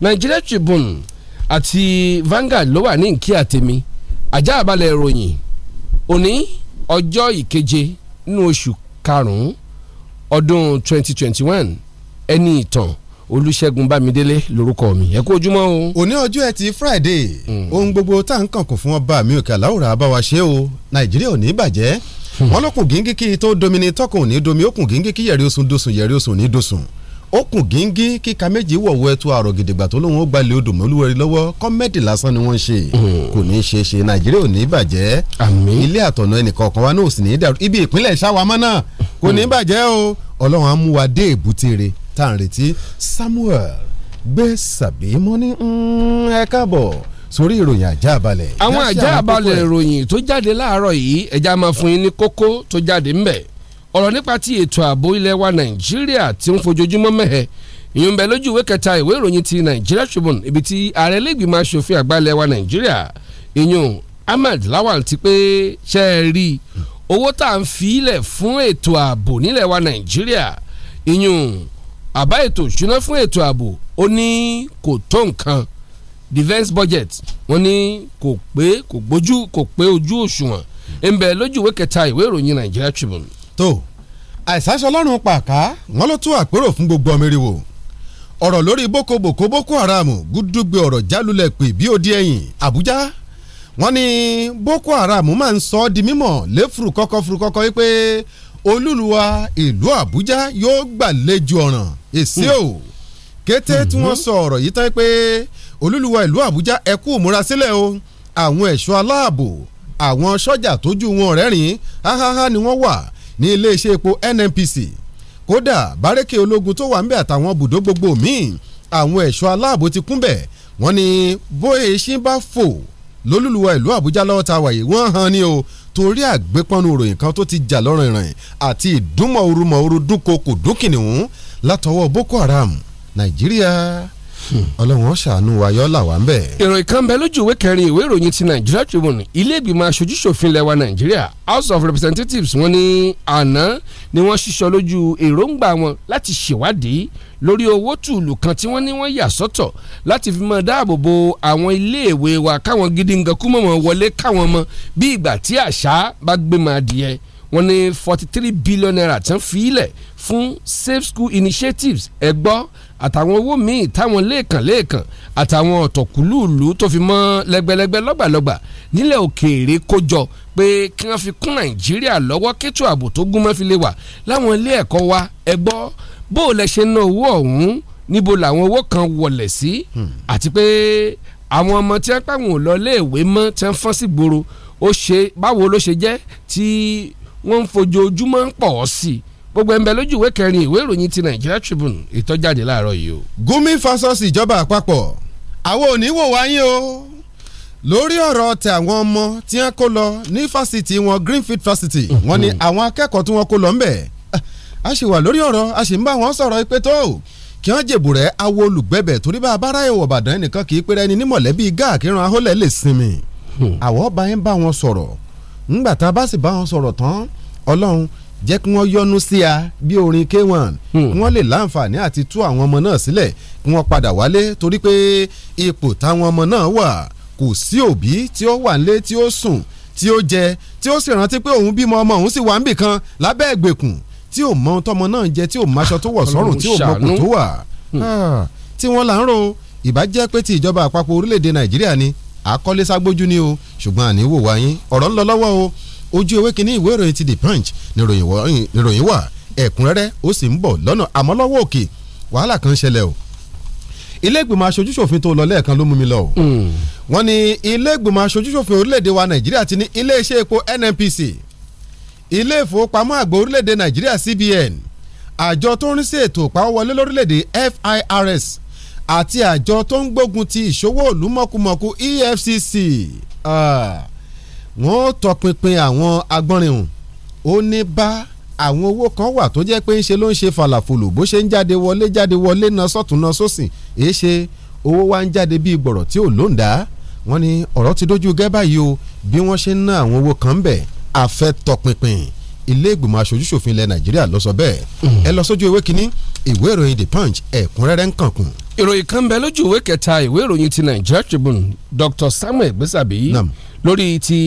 S16: Nigeria Tribune àti Vanguard ló wà ní nkí àtẹ̀mí ajá balẹ̀ ìròyìn òní ọjọ́ ìkeje nínú oṣù karùn-ún ọdún 2021 ẹni ìtàn olùṣègùn bámidélé lórúkọ mi ẹ kú ojúmọ́ o. òní ọjọ́ ẹtì friday hmm.
S14: ohun gbogbo tá à ń kàn kò fún ọba mi òkè aláwòrán abáwa ṣe o nàìjíríà ò ní bàjẹ́ hmm. wọn lókun gíngí kí tó domi ni tọkùn ò ní domi ókun gíngí kí yẹ̀rí oṣù doṣùn yẹ̀rí oṣù ò ní bàjẹ́ ilé àtọ̀nà ẹnìkọ̀ọ̀kan í dàrú ibi ìpínlẹ̀ náà kò ní hmm. bàjẹ́ o ọlọ́run á mú wa tá à ń retí Samuel gbé sàbí mọ́ ní mm, ẹ káàbọ̀ sórí ìròyìn ajá balẹ̀. àwọn ajá balẹ̀
S16: ìròyìn tó jáde láàárọ̀ yìí ẹja máa fún yín ní kókó tó jáde ńbẹ̀ ọ̀rọ̀ nípa ti ètò ààbò ilẹ̀ wa nàìjíríà tí ń fojoojúmọ́ mẹ́hẹ̀ ìyún bẹ lójú ìwé kẹta ìwé ìròyìn ti nàìjíríà Tribune ibi tí ààrẹ lẹ́gbìmọ̀ aṣòfin àgbà ilẹ̀ wa nàìjíríà ìyún Ahmed Lawal ti pé ṣe é rí owó tá à ń fi ilẹ̀ fún ètò ààbò nílẹ̀ wa nàìjíríà ìyún àbá ètò ìṣúná fún ètò ààbò ó ní kò tó nǹkan defence budget wọ́n ní kò pé kò gbójú kò pé ojú òṣùwọ̀n ń bẹ lójú ìwé kẹta ìwé ìròyìn Nigeria Tribune.
S14: tó àìsàṣọ ọlọ́run pàká wọn ló tún àpérò fún gbogbo ọmọ ọ̀rọ̀ lórí boko boko boko haram gúdúgbe ọ̀rọ̀ jálulẹ̀ pé bí ó di ẹ̀yìn Àbújá wọ́n ní boko haram máa ń sọ ọ́ di mímọ̀ léfuru kọ́kọ́ wípé olúluwa ìlú àbújá yóò gbàlejò ọ̀ràn èsì o hmm. kété tí wọ́n hmm. sọ ọ̀rọ̀ yìí tán pé olúluwa ìlú àbújá ẹ kú múra sílẹ̀ o àwọn ẹ̀ṣọ́ aláàbò àwọn sọ́jà tójú wọn rẹ́rìn háháhá ni wọ́n wà ní iléeṣẹ́ epo NNPC kódà bárẹ́kẹ̀ ológun tó wà ń bẹ̀ àtàwọn bùdó gbogbo míì àwọn ẹ̀ṣọ́ aláàbò ti kúnbẹ̀ wọ́n ní bóyá eṣin bá fò lólùlùwà ìlú àbújá lọ́wọ́ ta wàyí wọ́n hàn ni o torí àgbépọ́nú ròyìn kan tó ti jà lọ́rùn ìrìn àti ìdúnmọ̀ orúmọ̀ orú dúnkokò dúnkìnìún látọwọ́ Boko Haram Nàìjíríà ọlọ́run ó ṣàánú wa yọ́ là wá ń bẹ̀.
S16: ìròyìn kan bẹ lójú ìwé kẹrin ìwé ìròyìn ti Nigeria Tribune ilé ìgbìmọ̀ aṣojúṣòfin lẹwa Nigeria House of Representatives wọ́n ní àná ni wọ́n ṣiṣọ́ lójú èròǹgbà wọn láti ṣèwádìí lórí owó tùlù kan tí wọ́n ní wọ́n yà sọ́tọ̀ láti fi mọ dáàbò bo àwọn iléèwé wa káwọn gidi nǹkan kú mọ̀ wọ́n wọlé káwọn mọ bí ìgbà tí àṣà bá gbé máa dìẹ wọ́n ní forty three billion naira tán fi ilẹ̀ fún safe school initiatives ẹ̀gbọ́n àtàwọn owó míì táwọn lẹ́ẹ̀kan lẹ́ẹ̀kan àtàwọn ọ̀tọ̀kùlùlù tó fi mọ́ lẹ́gbẹ̀lẹ́gbẹ̀ lọ́gbàlọ́gbà nílẹ̀ òkèèrè kójọ pé kí wọ́n fi kún nàìjíríà lọ́wọ́ kétò ààbò tó gúnmọ́ fi lè wà láwọn ilé ẹ̀kọ́ wa ẹ gbọ́ bó o lẹ ṣe ná owó ọ̀hún níbo làwọn owó kan wọlé sí hmm. àti pé àwọn ọmọ tí wọ́n pàwọn ò lọ léèwé mọ́ tí wọ́n fọ́n sí gbòòrò ó báwo ló ṣe jẹ́ tí wọ́n ń fojoojúmọ́ pọ̀ sí i gbogbo ẹ̀ńbẹ́ lójú ìwé kẹrin ìwé ìròyìn ti Nigeria Tribune ìtọ́jáde láàárọ̀ yìí o. Gumi fasos ìjọba àpapọ̀ àwọn ò ní wò wá yín o
S14: lórí ọ̀rọ̀ tẹ àwọn ọmọ tí wọ́n kó lọ ní fásitì wọn Greenfield Fásitì wọ́n ní mhm. àwọn akẹ́kọ̀ọ́ tí wọ́n kó lọ ńbẹ̀ a sì wà lórí ọ̀rọ̀ a sì ń bá wọn sọ̀rọ̀ pé tó kí wọ́n jèbù rẹ̀ awo olùgbẹ́bẹ̀ torí bá a bá ráyè wọ̀ bàdàn nìkan kì í pé ẹni ní mọ̀lẹ́bí gáà ran ahólẹ̀ lè sinmi àwọn ọba yẹn bá wọn sọ̀rọ̀ ńgbà tá a bá sì bá wọn sọ̀rọ̀ tán ọlọ́run jẹ́ kí wọ́n yọ́nú sí a bí orin k1 hmm. kí wọ́n lè láǹfààní àti tú àwọn ọmọ náà sílẹ̀ kí wọ́n padà wálé torí pé ipò táwọn ọmọ náà wà kò sí òbí tí ó wà nílé tí ó sùn tí ó jẹ tí ó sì rántí pé òun bímọ ọmọ òun sì wà níbì kan lábẹ́ ìgbèkùn tí ò mọ ohun tọmọ náà jẹ tí ò máṣọ tó wọ̀ sọ́rùn tí ò mọ kò tó wà hmm. ah, tí wọ́n là ń ro ìbàjẹ́ pé ti ìjọba àpapọ̀ orílẹ̀-èdè Nàìjíríà ni àkọlé ságbójú ojú ewé kínní ìwé ìròyìn ti the punch níròyìn wà ẹ̀kúnrẹ́rẹ́ ó sì ń bọ̀ lọ́nà àmọ́ lọ́wọ́ òkè wàhálà kan ṣẹlẹ̀ o ilé ìgbìmọ̀ aṣojúṣòfin tó lọ lẹ́ẹ̀kan ló mú mi lọ hmm. wọ́n ní ilé ìgbìmọ̀ aṣojúṣòfin orílẹ̀-èdè wa nàìjíríà ti ní iléeṣẹ́ epo nnpc ilé ìfowópamọ́ àgbà orílẹ̀-èdè nàìjíríà cbn àjọ tó ń rí sí ètò ìpawówọlé lórílẹ̀-èdè firs àti àjọ tó ń gbógun ti ìṣòwò òlùmọ̀kùmọ̀kù efcc. Uh, wọ́n tọpinpin àwọn agbọ́nrìnhùn ó ní bá àwọn owó kan wà tó jẹ́ pé ń ṣe ló ń ṣe fàlàfolò bó ṣe ń jáde wọlé jáde wọlé na sọ́tún na sósìn èé ṣe owó wa ń jáde bíi gbọ̀rọ̀ tí ò lóǹda wọ́n ní ọ̀rọ̀ ti dójú gẹ́ báyìí o bí wọ́n ṣe ń ná àwọn owó kan bẹ̀ àfẹ́ tọpinpin ilé ìgbìmọ̀ aṣojúṣòfin ilẹ̀ nàìjíríà ló bẹ́ẹ̀ hmm. ẹ lọ sójú ìwé kínní ìwé ìròyìn the punch
S16: ẹ̀kúnrẹ́rẹ́ ń kànkùn ìròyìn kan bẹ lójú ìwé kẹta ìwé ìròyìn ti Nigeria Tribune Dr Samuel Gbèsàbí lórí ti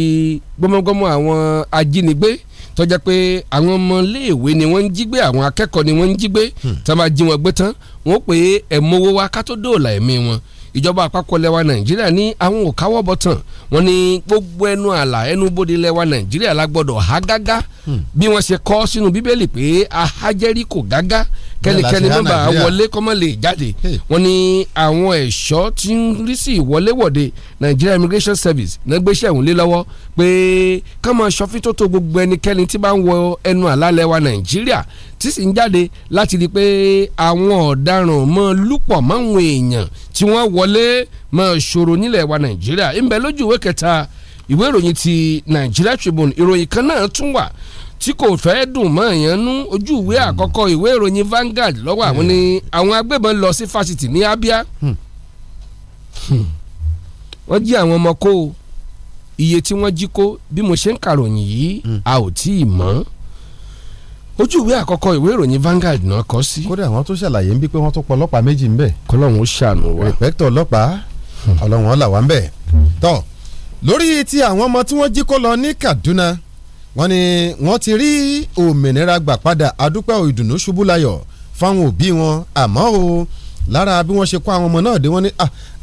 S16: gbọmọgbọmọ àwọn ajínigbé tó jẹ́ pé àwọn ọmọléèwé ni wọ́n ń jí gbé àwọn akẹ́kọ̀ọ́ ni wọ́n ń jí gbé hmm. tí wọ́n bá jí wọn gbé tán wọ́n pè é ẹ̀mọ́wó wa ká tó dóòlà ẹ̀mí wọn ìjọba àpapọ̀ lẹwa nàìjíríà ní àwọn ò káwọ́ bọ̀tàn wọn ní gbogbo ẹnu àlà ẹnu bodè lẹwa nàìjíríà la gbọ́dọ̀ há gágá hmm. bí wọ́n ṣe kọ́ sínú bíbélì pé ahajẹ́rí kò gágá kẹ́nikẹ́ni mọ́ba wọlé kọ́mọ́ lè jáde wọ́n ní àwọn ẹ̀ṣọ́ tí ń rí sí ìwọléwọ̀de Nigeria Immigration Service náà gbéṣẹ́ ìwọ̀n lé lọ́wọ́ pé ká máa ṣọ́fítótó gbogbo ẹnikẹ́ni tí bá ń wọ ẹnu àlá lẹwa nàìjíríà tí sì ń jáde láti rí i pé àwọn ọ̀daràn mọ́ lúpọ̀ máwọn èèyàn tí wọ́n wọlé mọ́ ṣòro nílẹ̀ wa nàìjíríà ń bẹ lójú ìwé kẹta ìwé ìròyìn ti Nigeria Tribune ìròyìn kan náà tún wà tí kò fẹ́ dùn mọ́ èèyàn nú ojú ìwé àkọ́kọ́ ìwé ìròyìn Vanguard lọ́wọ́ àwọn ni àwọn agbébọn lọ sí fásitì ní Abia hmm. Hmm. wọ́n jí àwọn ọmọ kó iye tí wọ́n jí kó bí mo ṣe ń kàròyìn yìí hmm. a ò tí ì ojú ìwé àkọ́kọ́ ìwé ìròyìn Vanguard náà kọ sí. kódà àwọn tó ṣàlàyé ń bí pé wọ́n tó pọ
S14: ọlọ́pàá méjì ń bẹ̀. kọlọ́hún ó ṣàánú wa. ìpẹ́tọ̀ ọlọ́pàá hmm. ọlọ́run ọ̀là wa ń bẹ̀. tọ́ lórí ti àwọn ọmọ tí wọ́n jí kó lọ ní Kaduna wọ́n ní wọ́n ti rí òmìnira gbà padà adúpẹ́ ìdùnnú ṣubú layọ̀ fáwọn òbí wọn àmọ́ o lára bí wọ́n ṣe kó àwọn ọmọ náà dé wọ́n ní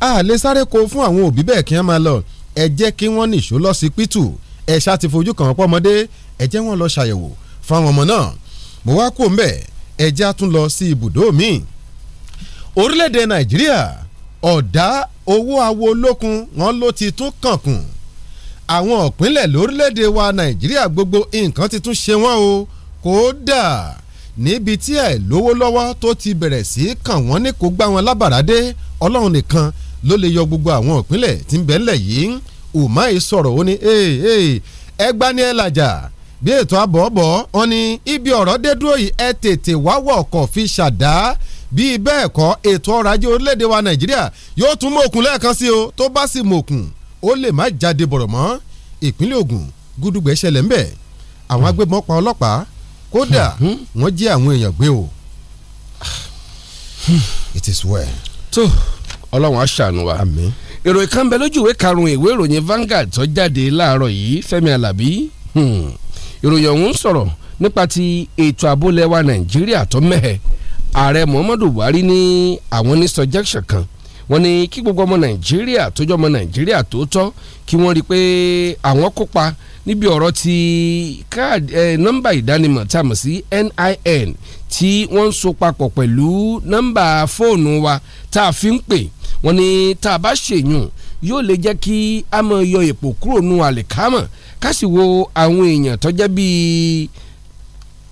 S14: à lè sáré kó fún àwọn òbí bẹ́ẹ̀ kí wọ́n máa lọ ẹ jẹ́ kí wọ́n nìṣó lọ sí pítù ẹ ṣá ti fojú kàn wọ́n pọ́ ọmọdé ẹ jẹ́ wọ́n lọ ṣàyẹ̀wò fáwọn ọmọ náà bó wá kó mbẹ ẹja tún lọ sí ibùdó míì orílẹ̀-èdè nàìjíríà ọ̀dá owó awo olókun wọn ló ti tún kànkùn àwọn òpínlẹ̀ lórílẹ̀-èdè wa nàìjíríà gbogbo nǹkan ti tún ṣe wọ́n o kódà níbi tí ẹ̀ lówó lọ́wọ́ tó ti bẹ̀rẹ̀ sí kàn wọ́n ní kó gbá wọn lábàrádé ọlọ́run nìkan ló lè yọ gbogbo àwọn òpínlẹ̀ tí ń bẹ ńlẹ̀ yìí Umahi sọ̀rọ̀ ó ní ẹ gbá ní ẹ làjà bí ètò àbọ̀bọ̀ wọn ni ibi ọ̀rọ̀ dé yìí ẹ tètè wáwọ̀ ọkọ̀ fi ṣàdá bíi bẹ́ẹ̀ kọ́ ètò ọrọ̀ ajé orílẹ̀-èdè wa nàìjíríà yóò tún mọ̀kùn lẹ́ẹ̀kan sí o tó bá sì mọ̀kùn ó lè má jáde bọ̀rọ̀ mọ́ ìpínlẹ̀ Ògùn gúdúgbẹ̀ ṣẹlẹ̀ ńbẹ̀ àwọn agbébọn pa ọlọ́pàá kódà wọ́n jí àwọn èèyàn gbé o
S16: it is well. tó ọlọ́run á ṣàánú wa ìròyìn kan bẹ lójú ìwé karùn-ún ìwé ìròyìn Vanguard tó jáde láàárọ̀ yìí Fẹ́mi Alábí hmm ìròyìn ọ̀hún ń sọ̀rọ̀ nípa ti ètò ààbò lẹ́wà nàìjíríà tó mẹ́hẹ̀ ààrẹ muhammadu buhari ní àwọn ní suggestion kan wọ́n ní kí gbogbo ọmọ nàìjíríà tójọ́ ọmọ nàìjíríà tòótọ́ kí wọ́n rí i pé àwọn kópa níbi ọ̀rọ̀ ti káàdì eh, nọ́mbà ìdánimọ̀ tá a mọ̀ sí NIN tí wọ́n ń so papọ̀ pẹ̀lú nọ́mbà fóònù wa tá a fi ń pè wọ́n ní tá a bá ṣèyùn yóò lè jẹ́ kí a mọ̀ yọ èpò kúrò nù àlìkámọ̀ kásì wo àwọn èèyàn tó jẹ́ bíi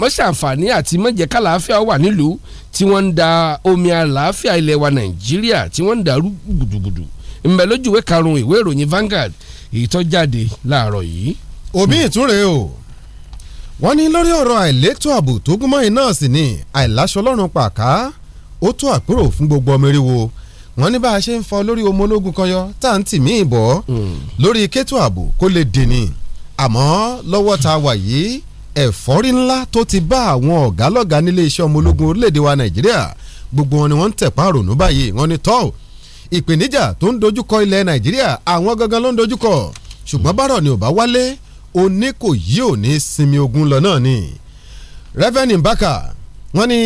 S16: mọ́ṣàǹfààní àti mọ́jẹ́ kàlàáfíà wà nílùú tí wọ́n ń da omi àlàáfíà ilẹ̀ wa nàìjíríà tí wọ́n ń dàrú gbùdùgbùdù ńbẹ lójúwèé karùn-ún ìwé ìròyìn Vanguard èyí tó jáde láàárọ̀ yìí. òbí ìtúre o wọ́n ní lórí
S14: ọ̀rọ̀ àìlétò ààbò tó gúnmọ́ iná sí ni àìláṣọ ọlọ́run pàká ó tó àpérò fún gbogbo ọmọ eriwo wọ́n ní bá a ṣe ń fọ lórí ọmọ ológun kan yọ tá à ń tì mí ìbọ̀ hmm. lórí kétò ààbò kó lè dènì. Mm àmọ́ lọ́wọ́ tá a wà yìí ẹ̀fọ́rí ńlá tó ti bá àwọn ọ̀gá lọ́gá nílé iṣẹ́ ọmọ ológun orílẹ̀‐èdè wa nàìjíríà gbogbo wọn ni wọ́n ń tẹ̀pá rònú báyìí wọ́n ní tọ́ ìpèníjà tó ń dojúkọ ilẹ̀ nàìjíríà àwọn gangan ló ń dojúkọ ṣùgbọ́n bárọ̀ ni ò bá wálé oníkòyí ò ní sinmi ogun lọ náà ni rẹ́fẹ̀nì mbaka wọ́n ní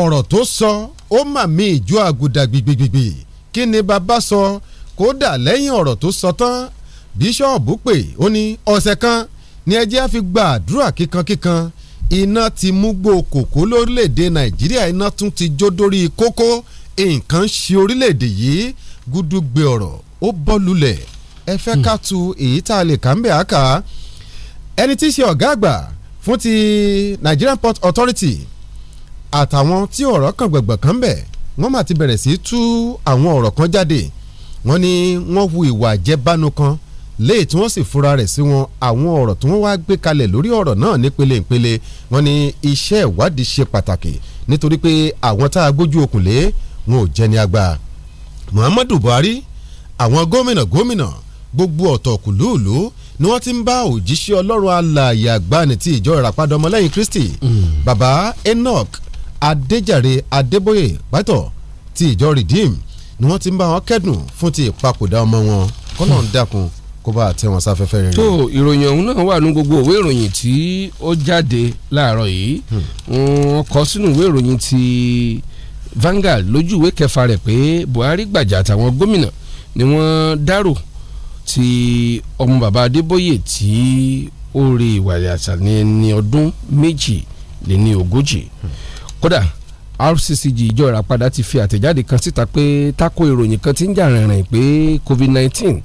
S14: ọ̀rọ̀ tó sọ ó mà mí ìjọ àgùdà gbìgbìgbì kí ni bàbá sọ kódà lẹ́yìn ọ̀rọ̀ tó sọ tán bíṣọ́ọ̀bù pè ó ní ọ̀sẹ̀ kan ni ẹjẹ́ á fi gba àdúrà kíkankíkan iná ti mú gbó kòkó lórílẹ̀‐èdè nàìjíríà iná tún ti jó dórí kókó nǹkan ṣe orílẹ̀‐èdè yìí gúdúgbe ọ̀rọ̀ ó bọ́ lulẹ̀ ẹ fẹ́ hmm. ká tu èyí tá a lè kà ń bẹ̀ àkà ẹni tí í ṣe ọ̀gá àgbà fún ti Nigerian Port Authority àtàwọn tí ọ̀rọ̀ kan gbẹ̀gbẹ̀ kan bẹ̀ wọ́n mà ti bẹ̀rẹ̀ sí tú àwọn ọ̀rọ̀ kan jáde wọ́n ní wọ́n hu ìwà àjẹbánu kan léè tí wọ́n sì fura rẹ̀ sí wọn àwọn ọ̀rọ̀ tí wọ́n wá gbé kalẹ̀ lórí ọ̀rọ̀ náà nípele ìpele wọ́n ní iṣẹ́ ìwádìí ṣe pàtàkì nítorí pé àwọn tá a gbójú okùn lé wọn ò jẹni àgbà Muhammadu Buhari àwọn gómìnà gómìnà gbogbo ọ̀tọ̀ kùlúùlú ni wọ́n ti ń bá òjíṣẹ́ ọlọ́run alààyè àgbáni ti ìjọ ìràpadà ọmọlẹ́yìn Kristi mm. baba Enoch Adéjàre Adébóyè pátọ̀ ti ìjọ Redeem ni wọ́n ti ń bá wọn kẹ́dùn fún ti ìpapòdà ọmọ wọn kọ́nà ń dákun kó bá àti wọn sáfẹ́fẹ́ rere. tó
S16: ìròyìn ọ̀hún náà wà ní gbogbo òwe ìròyìn tí ó jáde láàárọ̀ yìí hmm. Hmm, wọ́n kọ sínú ìwé ìròyìn ti Vanguard lójú ìwé kẹfà rẹ̀ pé Buhari gbàjà àtàwọn gómìnà ni wọ́n dárò ti ọmọ bàbá Adébóyè tí ó rí ìwà ìyàtà ní ẹni ọdún méjì lé ní ogójì hmm. kódà RCCG ìjọ ìràpadà ti fi àtẹ̀jáde kan síta pé tako ìròyìn kan tí ń jà rìnrìn pé COVID-19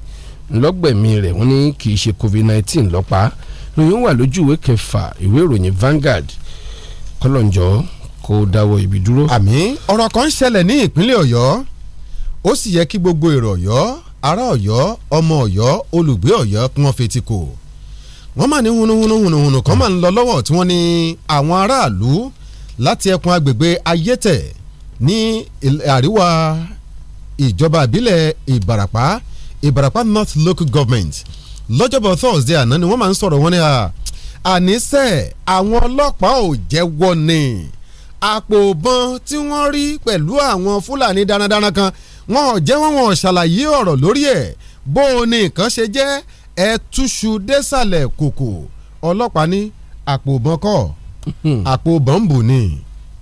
S16: lọ́gbẹ̀mí rẹ̀ wọ́n ní kì í ṣe covid-19 lọ́pa lóyún wà lójú ìwé kẹfà ìwé ìròyìn Vanguard kọlọ́njọ́ kó dáwọ́ ibi dúró. àmì ọ̀rọ̀ kan ń ṣẹlẹ̀ ní
S14: ìpínlẹ̀ Ọ̀yọ́ ó sì yẹ kí gbogbo èrò Ọ̀yọ́ ará Ọ̀yọ́ ọmọ Ọ̀yọ́ olùgbé Ọ̀yọ́ kí wọ́n fetí kò wọ́n mà ní hunuhunuhunuhunu kan máa ń lọ lọ́wọ́ tí wọ́n ní àwọn aráàlú láti ẹkùn agbègbè Ayétẹ̀ ní àríwá ìjọba ìbílẹ̀ Ìbàràpá Ìbàràpá North Local Government lọ́jọ́bọ̀ Thursday àná ni wọ́n máa ń sọ̀rọ̀ wọn ní à àníṣe àwọn ọlọ́pàá ò jẹ́wọ́ ni àpò ìbọn tí wọ́n rí pẹ̀lú àwọn Fúlàní darandaran kan wọn ò jẹ́wọ́ wọn ò ṣàlàyé ọ̀rọ̀ lórí ẹ̀ bó o ní nǹkan ṣe jẹ́ ẹ túṣu désàlẹ̀ kòkò ọlọ́pàá ní àpò ìbọn kọ́ hmm. àpò ìbọn ń bù ni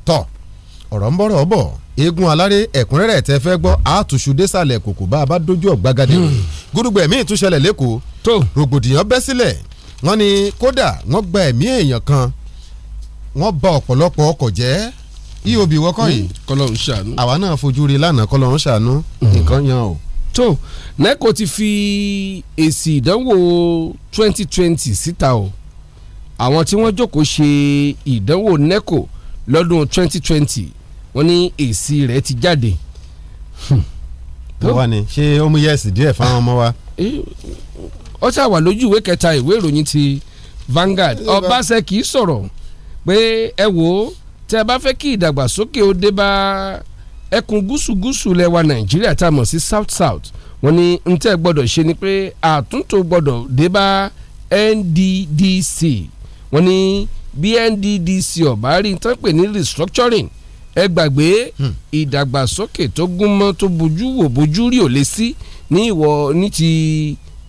S14: tọ̀ ọ̀rọ̀ ń bọ̀rọ̀ bọ̀ eégún aláré ẹ̀kúnrẹ́rẹ́ tẹ́ fẹ́ gbọ́ àtúnṣu désàlẹ̀ kòkò bá a bá dojú ọ̀gbagadé gúdúgbẹ̀ míì tún ṣẹlẹ̀ lẹ́kọ̀ọ́ rògbòdìyàn bẹ́ sílẹ̀ wọ́n ní kódà wọ́n gba ẹ̀mí èèyàn kan wọ́n bà ọ̀pọ̀lọpọ̀ ọkọ̀ jẹ́ eob wọ́kọ̀ yìí hmm,
S16: kọlọ́run ṣàánú àwa náà fojú rí lánàá kọlọ́run ṣàánú hmm. nǹkan yan o. tó neco ti fi èsì ìdánwò twenty twenty síta o àwọn tí wọ́n jókòó ṣe ìdánwò neco lọ́dún twenty twenty wọ́n ní èsì rẹ̀ ti jáde. báwa hmm. ni ṣé ó mú yẹ́sì díẹ̀ fáwọn ọmọ wa. Eh, ó wà lójú ìwé kẹta ìwé ìròyìn ti vangard kì í sọ̀rọ̀ pé ẹ wò ó tẹ́ ẹ bá fẹ́ kí ìdàgbàsókè ó dé bá ẹkùn gúúsù gúúsù lẹwa Nàìjíríà tá a mọ̀ sí South South wọ́n ní ntẹ́ gbọ́dọ̀ ṣe ni pé àtúntò gbọ́dọ̀ dé bá NDDC wọ́n ní bí NDDC ọ̀bá rí tán pè ní restructuring ẹ gbàgbé hmm. ìdàgbàsókè tó gúnmọ́ tó bojú wò bojú rí ò lè sí ní ìwọ ní ti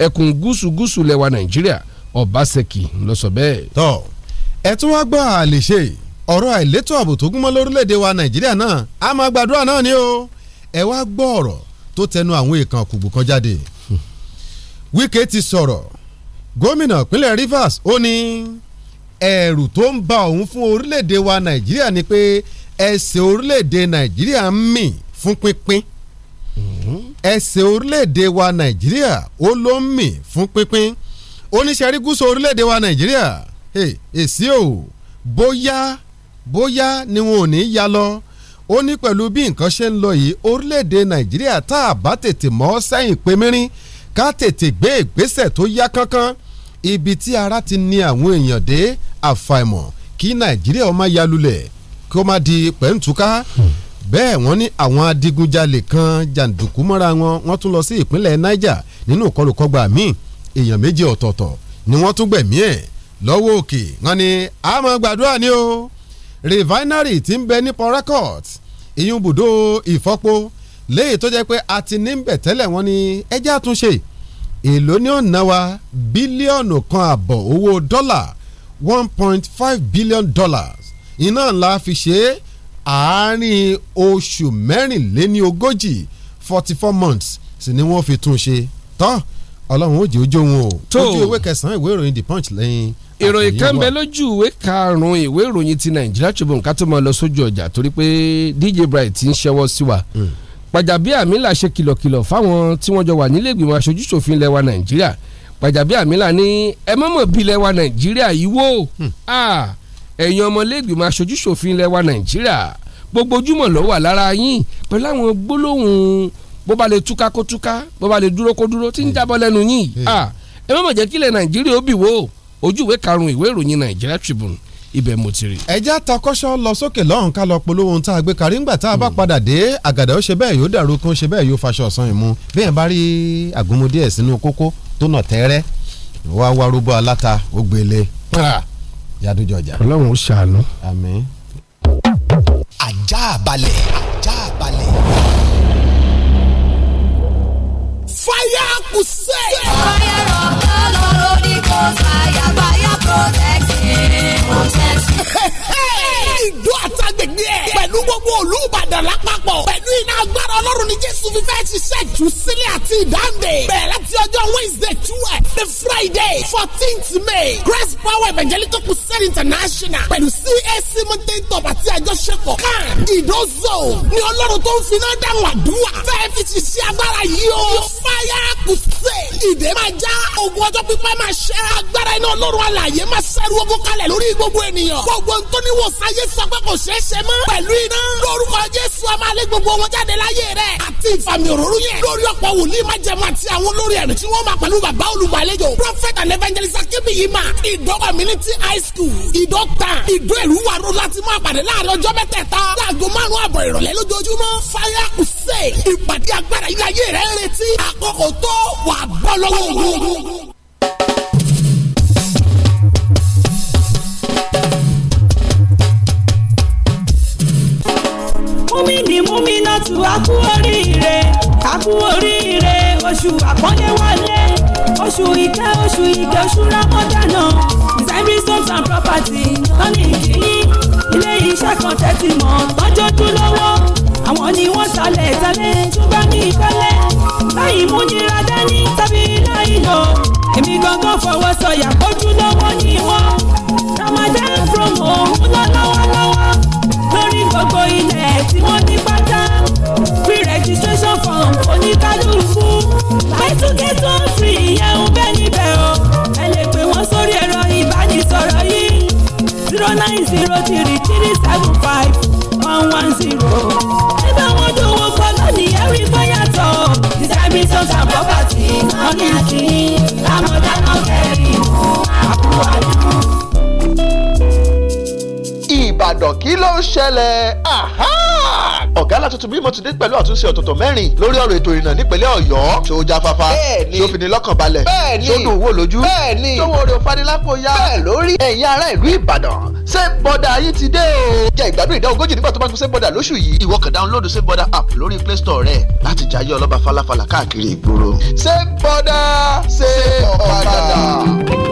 S16: ẹkùn gúúsù gúúsù lẹwa nàìjíríà ọbaṣẹkì ló sọ bẹ́ẹ̀. tọ ẹ tún wá gbọ́
S14: àlèṣe ọ̀rọ̀ àìlétò ààbò tó gúnmọ́ lórílẹ̀‐èdè wa nàìjíríà náà a máa gbàdúrà náà ni o ẹ wá gbọ́ ọ̀rọ̀ tó tẹnu àwọn èèkàn àkùgbù kan jáde hmm. Wike ti sọ̀rọ̀ gómìnà ìpínlẹ̀ Rivers ó ní ẹ̀rù tó ń ba òun fún orílẹ̀-èdè wa nàìjíríà ni pé ẹsẹ̀ orílẹ̀-èdè nàìjíríà ń mì fún pínpín ẹsẹ̀ orílẹ̀-èdè wa nàìjíríà ó ló ń mì fún pínpín oníṣẹ́rí gúúsù orílẹ̀-èdè wa nàìjíríà èsì o bóyá bóyá ni wọn ò ní ya lọ ó ní pẹ̀lú bí nǹkan ṣe ń lọ yìí orílẹ̀-èdè nàìjíríà tá a bá tètè mọ́ sẹ́yìn pé mìíràn ká tètè gbé ìgbésẹ̀ tó yá kánkán ibi tí ara ti ní àwọn èèyàn dé àfàìmọ̀ kí nàìjíríà ó má yalulẹ̀ kí ó má di pẹ̀ǹtúká hmm. bẹ́ẹ̀ wọ́n ní àwọn adigunjalè kan jàǹdùkú mọ́ra wọn wọ́n tún lọ sí ìpínlẹ̀ niger nínú ìkọlùkọgbà míì èèyàn méje ọ̀tọ̀ọ̀tọ̀ ni wọ́n tún gbẹ̀mí ẹ̀ lọ́wọ́ òkè wọn ni àmọ́ gbàdúrà ni o refinery ti ń bẹ ní Port Harcourt ìyún bùdó ìfọ́po léyìí tó jẹ́ pé a ti ní bẹ̀ tẹ́lẹ̀ wọn ni ẹjẹ́ àtúnṣe èlò ní ọ̀nà wa bílíọ̀nù kan àbọ̀ owó dọ́là one point five billion dollars iná ńlá fi ṣe àárín oṣù mẹ́rìnléní ogójì forty four months sì ni wọ́n fi tún ṣe tán ọlọ́run ó jẹ́
S16: ojú wọn o ojú ìwé
S14: kẹsàn-án ìwé ìròyìn the punch lẹ́yìn.
S16: ìròyìn kan bẹ lójú ìwé karùn-ún ìwé ìròyìn ti nàìjíríà Tribune ká tó máa lọ sójú ọjà torí pé DJ Bright ń ṣẹwọ́ sí wa hmm. Pàjàbí àmì làṣẹ kìlọ̀kìlọ̀ fáwọn tí wọ́n jọ wà nílé ìgbìmọ̀ aṣojú ṣòfin lẹ́wà nàìjíríà Gbàjàbíàmílà ní ẹ mọ̀mọ̀ bí lẹ́wà Nàìjíríà yìí wò hmm. ẹ̀yin ọmọlẹ́gbìmọ̀ aṣojúṣòfin lẹ́wà Nàìjíríà gbogbo ojúmọ̀ ló wà lára yín pẹ̀lú àwọn gbólóhùn bó ba lè túká kó túká bó ba lè dúró kó dúró tí ń hmm. jábọ́ lẹ́nu yín hmm. ẹ mọ̀mọ̀ jẹ́ kílẹ̀ Nàìjíríà ó bì wò ojú ìwé karùn-ún ìwé ìròyìn Nàìjíríà Tribune ibẹ̀ mo ti rí.
S14: ẹja takọ́ṣọ́ lọ sókè lọ́hùn ká lọ polówó ohun tá a gbé kárí ńgbà tá a bá padà dé àgàdà ó ṣe bẹ́ẹ̀ yóò dàrú kó ṣe bẹ́ẹ̀ yóò faṣọ ọ̀sán ìmú bẹ́ẹ̀ bá rí àgúnmu díẹ̀ sínú kókó tó nà tẹ́rẹ́ wá wá rúbọ aláta ó gbélé yàdújọ ọjà. ọlọ́run ó ṣàánú. àmín.
S10: ajá balẹ̀ ajá balẹ̀.
S9: fire crusade. fire of the lord holy ghost fire fire protect me protect
S12: me. ìjọ àtàgbègbè ẹ̀ pẹ̀lú gbogbo òlú lápapọ̀ pẹ̀lú iná agbára ọlọ́run ní jésù fífẹ́ ṣiṣẹ́ jù sílẹ̀ àti ìdáǹdè bẹ̀rẹ̀ láti ọjọ́ wednesday twelve the friday fourteenth may grace power evangelical crusade international pẹ̀lú cac mountain top àti àjọṣepọ̀ kan ìdózò ni ọlọ́run tó ń finá dáhùn àdúrà fẹ́ẹ́ fi ṣiṣẹ́ agbára yìí o fire crusade ìdè máa já ogun ọjọ́ pípẹ́ máa ṣẹ́ agbára iná ọlọ́run alàyè máa ṣẹ́rú ogun kalẹ̀ lórí gbogbo ènìyàn gbogbo ntọ́niwòsàn ayé sọ pé kò ṣeé mọ́ pẹ̀lú mi náà. lórúkọ jésù a máa lé gbogbo wọn jáde láyé rẹ. àti ìfàmì òróró yẹn. lórí ọ̀pọ̀ wòlíì máa jẹun àti àwọn olórí ẹ̀rí tí wọ́n máa pẹ̀lú bàbá olùgbàlejò. prophet and evangelist akébíyìmá ìdó community high school ìdó tan ìdó ìlú wa ro láti máa pàdé láàrin ọjọ́ mẹ́tẹ̀ẹ̀ta. láago márùn-ún àbọ̀ ìrọ̀lẹ́ lójoojúmọ́. fire crusade ìpàdé agbára ilé
S5: ìkẹ́ oṣù ìkẹ́ oṣù rámọ́dánà designing homes and property tọ́ni ìkíní ilé iṣẹ́ kan tẹ́tí mọ̀ tọ́jú ojú lọ́wọ́ àwọn ni wọ́n sálẹ̀ sálẹ̀ tún bá ní ìfẹ́lẹ́ báyìí mú nira dání tàbí láì lọ èmi gangan fọwọ́ sọyà kójú lọ́wọ́. zero nine zero three three seven five one one zero. ẹ bá wọn dòwò pọ̀ lónìí ẹ̀rí pọ̀ yàtọ̀ distribution and property lọ́ní àti
S9: lámọ̀dá náà kẹ́rì
S11: mú àbúrò àdúgbò. Ìbàdàn kí ló ń ṣẹlẹ̀? Aha! ọ̀gá alátuntun bímọ ti dé pẹ̀lú àtúnṣe ọ̀tọ̀tọ̀ mẹ́rin lórí ọ̀rọ̀ ètò ìrìnnà nípínlẹ̀ ọ̀yọ́ tó jáfáfá tó fi ní lọ́kàn balẹ̀ tó dùn wò lójú tó wo orin òfanilápò ya lórí ẹ̀yin ará ìlú ìbàdàn ṣé bọ́dà yín ti dé o. jẹ́ ìgbádùn ìdá ogójì nígbà tó bá ń ṣe bọ́dà lóṣù yìí ìwọ kàn dáńlódù ṣé bọ́dà app lórí play store rẹ láti jayé ọlọ́ba falafala káàkiri ìgboro. ṣé bọ́dà ṣe ọ̀padà.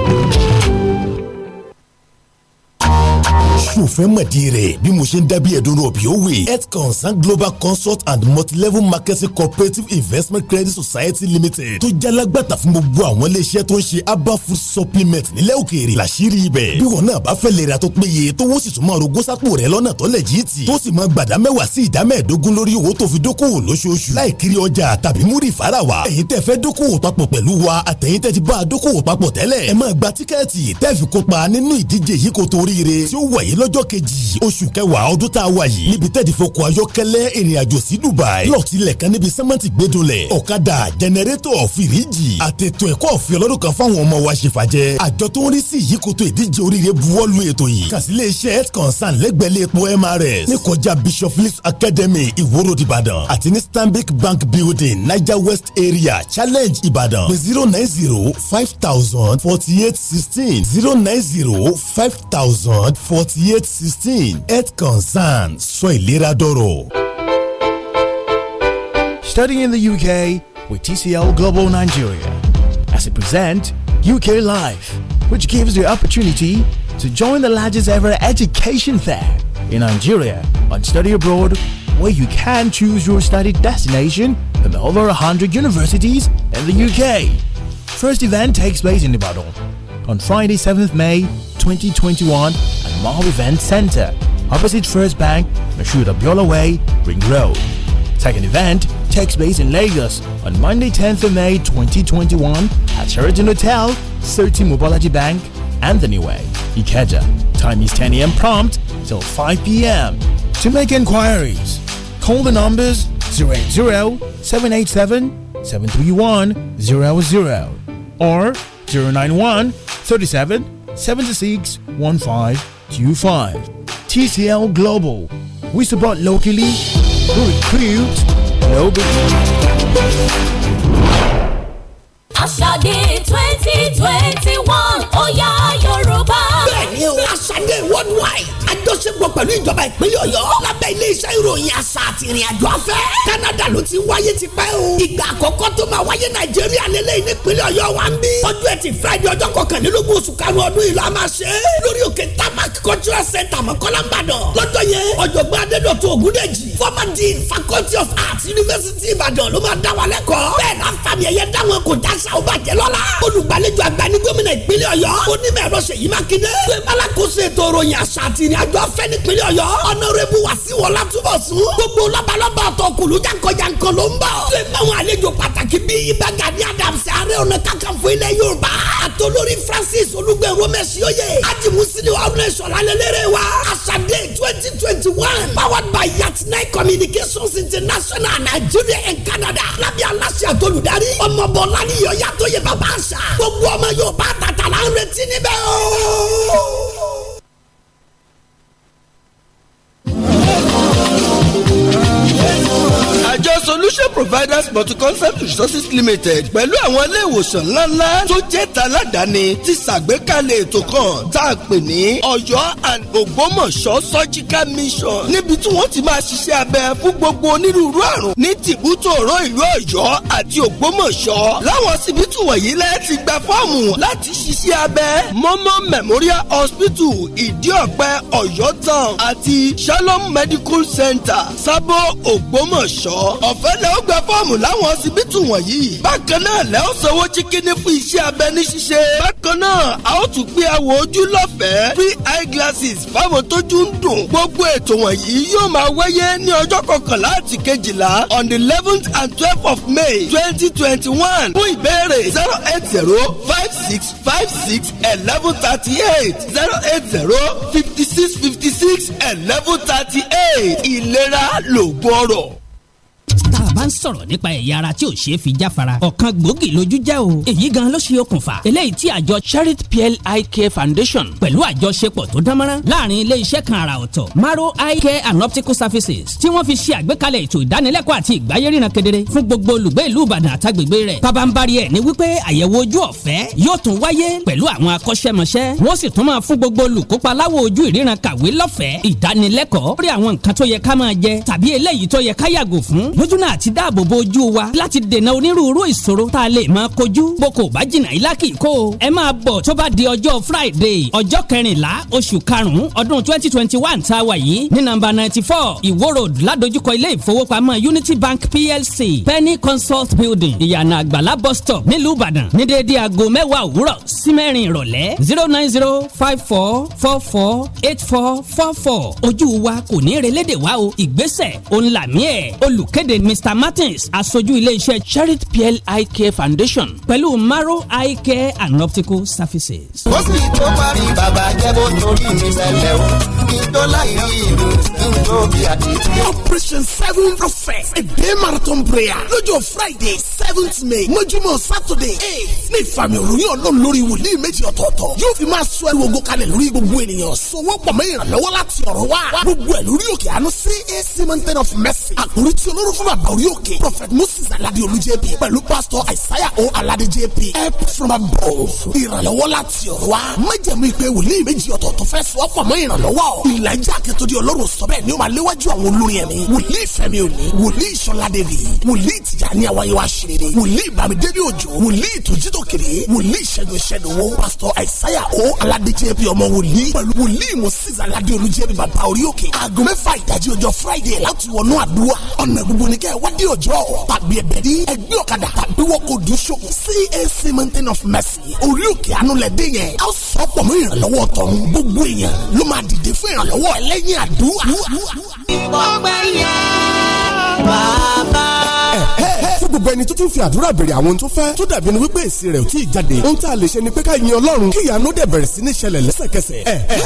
S8: tún fẹ́ mọ̀dí rẹ̀ bí mo ṣe ń dábìí ẹ̀dùnú òbí ó wè health consult global consult and multilevel marketing cooperative investment credit society limited tó jalagbàtà fún gbogbo àwọn iléeṣẹ́ tó ń ṣe herbal food supplement nílẹ̀ òkèèrè làṣírí ibẹ̀ bí wọn náà bá fẹ́ lè ra tó péye tó wọ́n sì tún máa rogó sápò rẹ̀ lọ́nà tó lẹ̀ jí tó sì máa gbàdá mẹ́wàá sí ìdá mẹ́ẹ̀ẹ́dógún lórí owó tó fi dókòwò lóṣooṣù láì ọjà tàbí múrì fara wa ẹ̀yin tẹ́ fẹ́ dókòwò papọ̀ pẹ̀lú wa àtẹ̀yin tẹ́ ti bá a dókòwò papọ̀ tẹ́lẹ̀ ẹ máa gba tíkẹ́ẹ̀tì tẹ́ fi kópa nínú ìdíje yìí kó lọ́jọ́ kejì oṣù kẹwàá ọdún tá a wà yìí níbi tẹ́ẹ̀dì fọkọ̀ ayọ́kẹ́lẹ́ ìrìnàjò sí Dubai lọ́ọ̀tì lẹ̀kan níbi sẹ́mẹ́ǹtì gbẹdọ̀lẹ̀ ọ̀kadà jẹnẹrétọ̀ fìríjì àtẹ̀tọ̀ ẹ̀kọ́ ọ̀fìn ọlọ́dún kan fáwọn ọmọ wa ṣèfàjẹ́ àjọ tó ń rí sí ìyíkoto ìdíje oríire buwọ́lu ètò yìí kàsílẹ̀ iṣẹ́ health concern lẹ́gbẹ̀lẹ́ MRS ní kọjá Academy ìwòrò Ìbàdàn àti Bank Building Niger West Area Challenge Ìbàdàn pé zero nine zero five eight sixteen health concern sọ ìlera dọ̀rọ̀. Studying in the UK with TCL Global Nigeria as it present UK Life, which gives the opportunity to join the largest ever education fair in Nigeria on study abroad, where you can choose your study destination from over 100 universities in the UK. First event takes place in Ibadan on Friday, 7th May 2021 Mall Event Center, opposite First Bank, Mashud Abiola Way, Ring Road. Second event takes place in Lagos on Monday 10th of May 2021 at Sheraton Hotel, Soti Mobology Bank, Anthony Way, Ikeja. Time is 10 a.m. prompt till 5 p.m. To make enquiries, call the numbers 080 787 731 or 091 37 76 15 Q5. TCL Global. We support locally, we recruit
S9: globally. Aṣàdé
S12: twenty twenty one ó yá Yorùbá. Bẹ́ẹ̀ni o, Aṣàdé worldwide. tó ṣègbọ pẹ̀lú ìjọba ìpínlẹ̀ ọ̀yọ́ lábẹ́ ilé iṣẹ́ ìròyìn àṣà àti ìrìn afẹ́ canada ló ti wáyé ti pẹ́ o ìgbà àkọ́kọ́ tó máa wáyé nàìjíríà lélẹ́yìn nípínlẹ̀ ọ̀yọ́ wa ń bí ọjọ́ ẹtì friday ọjọ́ kọkànlélógún oṣù karùn-ún ọdún yìí la máa ṣe é lórí òkè tamak cultural center mọ̀kọ́lá ìbàdàn lọ́jọ́ yẹn ọ̀jọ̀gbọ́n adédọ̀tun ògúndèjì former dean faculty of arts university ìbàdàn ló máa dá wa lẹ́kọ̀ọ́ bẹ́ẹ̀ láǹfààní ẹ̀yẹ dáwọn kò dáṣà ó bàjẹ́ lọ́la olùgbàlejò àgbà ní gómìnà ìpínlẹ̀ ọ̀yọ́ onímọ̀ ẹ̀rọ ṣèyí mákindé gbé bálákòóso ètò ìròyìn àṣà àti ìrìn àj àjọ afẹ́ nípínlẹ̀ ọ̀yọ́ ọ̀nàrẹ́bù wàsíwọ̀ látúbọ̀ sùn gbogbo lọ́balọ́ba ọ̀tọ̀kùlù jankan-jankan ló ń bọ̀ tó ẹ báwọn àlejò pàtàkì bíi Ìbà Gani Adams ààrẹ ọ̀nà kakanfò ilẹ̀ yorùbá àtolórí Francis olùgbẹ̀ romẹ́síọ́yẹ ajimusili ọ̀rẹ́ sọ̀lálẹ́lẹ́rẹ́ wa àṣàdé twenty twenty one powered by yatinai communications international Nigeria and Canada lábẹ́ aláṣẹ àtolùdarí ọmọbọ lánìyàn yàtọ̀ yẹ bàbá àṣà gbogbo ọmọ yorùbá tàtàlà ń retí níbẹ̀ ooo. Yeah. àjọ
S11: solution providers multi-concept resources limited pẹ̀lú àwọn ilé ìwòsàn ńláńlá tó jẹ́ taládàáni ti ṣàgbékalẹ̀ ètò kan tá a pè ní ọ̀yọ́ and ògbómọ̀ṣọ́ surgical mission níbi tí wọ́n ti máa ṣiṣẹ́ abẹ fún gbogbo onírúurú àrùn ní tìbútòrò ìlú ọ̀yọ́ àti ògbómọ̀ṣọ́ láwọn síbítù wọ̀nyí lẹ́ ti gba fọ́ọ̀mù láti ṣiṣẹ́ abẹ mọ́mọ́ memorial hospital ìdíọ̀pẹ ọ̀yọ́ town àti shalom medical center sábó ògbómọ̀ṣọ́ ìṣọ́ ọ̀fẹ́ lẹ́ ó gba fọ́ọ̀mù láwọn ọsibítù wọ̀nyí bákan náà lẹ́ ó sanwó chikini fún iṣẹ́ abẹ ní ṣíṣe bákan náà a ó tún pé àwọ̀ ojú lọ́fẹ̀ẹ́ free eye glasses fáwọn tójú ń dùn gbogbo ètò wọ̀nyí yóò máa wáyé ní ọjọ́ kọkànlá àti kejìlá on the eleventh and twelfth of May twenty twenty one fún ìbéèrè zero eight zero five six five six eleven thirty eight zero eight zero fifty six fifty six eleven thirty eight ìlera lògbọ́rọ̀
S15: tá a bá ń sọ̀rọ̀ nípa ẹ̀yà ara tí ò ṣeé fi jáfara ọ̀kan gbòógì lójú jẹ́ o èyí gan ló ṣe okùnfà eléyìí tí àjọ Charity PL Eye Care Foundation pẹ̀lú àjọṣepọ̀ tó dánmọ́rán láàrin ilé iṣẹ́ kan àrà ọ̀tọ̀ Maro Eye Care and Optical Services tí wọ́n fi ṣe àgbékalẹ̀ ètò ìdánilẹ́kọ̀ọ́ àti ìgbáyéríran kedere fún gbogbo olùgbé ìlú Ìbàdàn àtàgbègbè rẹ̀ pabambari ẹ̀ ni wípé àyẹ̀wò ojú ọ̀fẹ́ yóò tún wáyé pẹ̀lú àwọn akọ́ṣẹ́mọṣẹ́ wọ́n sì tún máa fún gbogbo olùkópa láwọ̀ ojú ìríran kàwé ìbójúnà àti dáàbò bo ojú wa láti dènà onírúurú ìṣòro tá a lè máa kojú bó kò bá jìnnà ìlàkì kó ẹ máa bọ̀ tó bá di ọjọ́ Friday ọjọ́ kẹrìnlá oṣù karùn-ún ọdún twenty twenty one tá a wà yìí ní nàmbà ninety four Ìwó Road ládojúkọ ilé ìfowópamọ́ Unity Bank PLC Penny Consult Building ìyànà àgbàlá bus stop nílùú Ìbàdàn ní déédéé aago mẹ́wàá òwúrọ̀ sí mẹ́rin ìrọ̀lẹ́ zero nine zero five four four four eight four four four ojú wa kò ní relédè wa o ìgbésẹ̀ òun làmí ẹ̀ olùkéde ìkéde Mr Martins aṣojú ilé-iṣẹ́ Charity PL Eye Care Foundation pẹ̀lú Maro Eye Care and Optical Services. ó
S11: sì tó parí bàbá jẹ́ bó torí mi ṣẹlẹ̀ o
S12: Operation seven process a day marathon prayer lọ́jọ́ Friday seventh May mọ́júmọ́ Saturday eight ní ìfàmì òròyìn ọlọ́run lórí wòlíì méjì ọ̀tọ̀ọ̀tọ̀ yóò fi máa sọ ẹrù ogo kalẹ̀ lórí gbogbo ènìyàn sọwọ́ pọ̀ mọ́ ìrànlọ́wọ́ láti ọ̀rọ̀ wá gbogbo ẹ̀ lórí òkè àánú CAC mountain of mercy àkórí tí olórúkọ fún bàbá orí òkè prophet moses aládé olú jp pẹ̀lú pastor isaiah o aládé jp help from above ìrànlọ́wọ́ láti ọ̀rọ̀ wa májẹ̀mú ìpè wòlíì méjì ọ̀tọ̀ọ̀tọ̀ fẹ́ sọ fún ọmọ ìrànlọ́wọ́ ìlàjà akẹ́tọ̀dé ọlọ́run sọ bẹ́ẹ̀ ni ó máa léwájú àwọn olórin ẹ̀mí wòlíì fẹ́mi òní wòlíì ìṣọ̀ládé rèé wòlíì tìjàní àwáyéwá ṣeré wòlíì bàmídébí òjò wòlíì tòjítòkèrè wòlíì ìṣẹ́gun ìṣẹ́dowó pásítọ̀ àìsáyà ó aládé jp ọmọ wòlíì pẹ̀lú wòlíì moses aládé olú jp bàbá orí òkè aago mẹ́fà ìdájí ọjọ́ friday láti wọnú àdúrà ọ̀nà gbogbo ní kẹ́ ẹ wádìí òjò tàbí ẹ̀bẹ̀ ní ẹgbẹ́ ọ̀kadà tàbí wọ́kọ̀ dùsọ̀ CAC mountain of mercy orí òkè anulẹ̀dẹ́ yẹn a sọ pọ̀ mọ́ ìrànlọ́wọ́ tọ̀hún gbogbo èèyàn ló máa dìde fún ìrànlọ́wọ́ ẹlẹ́yìn àdúrà. ìbọ̀gbẹ́ yẹn
S9: bàbá
S10: gbogbo ẹni tó tún fi àdúrà béèrè àwọn tó fẹ́ tó dàbí ni wípé èsì rẹ̀ ò tí ì jáde ohun tá a lè ṣe ni pé ká yin Ọlọ́run kí ìyanu dẹ̀ bẹ̀rẹ̀ sí ní ṣẹlẹ̀ lẹ́sẹ̀kẹsẹ̀.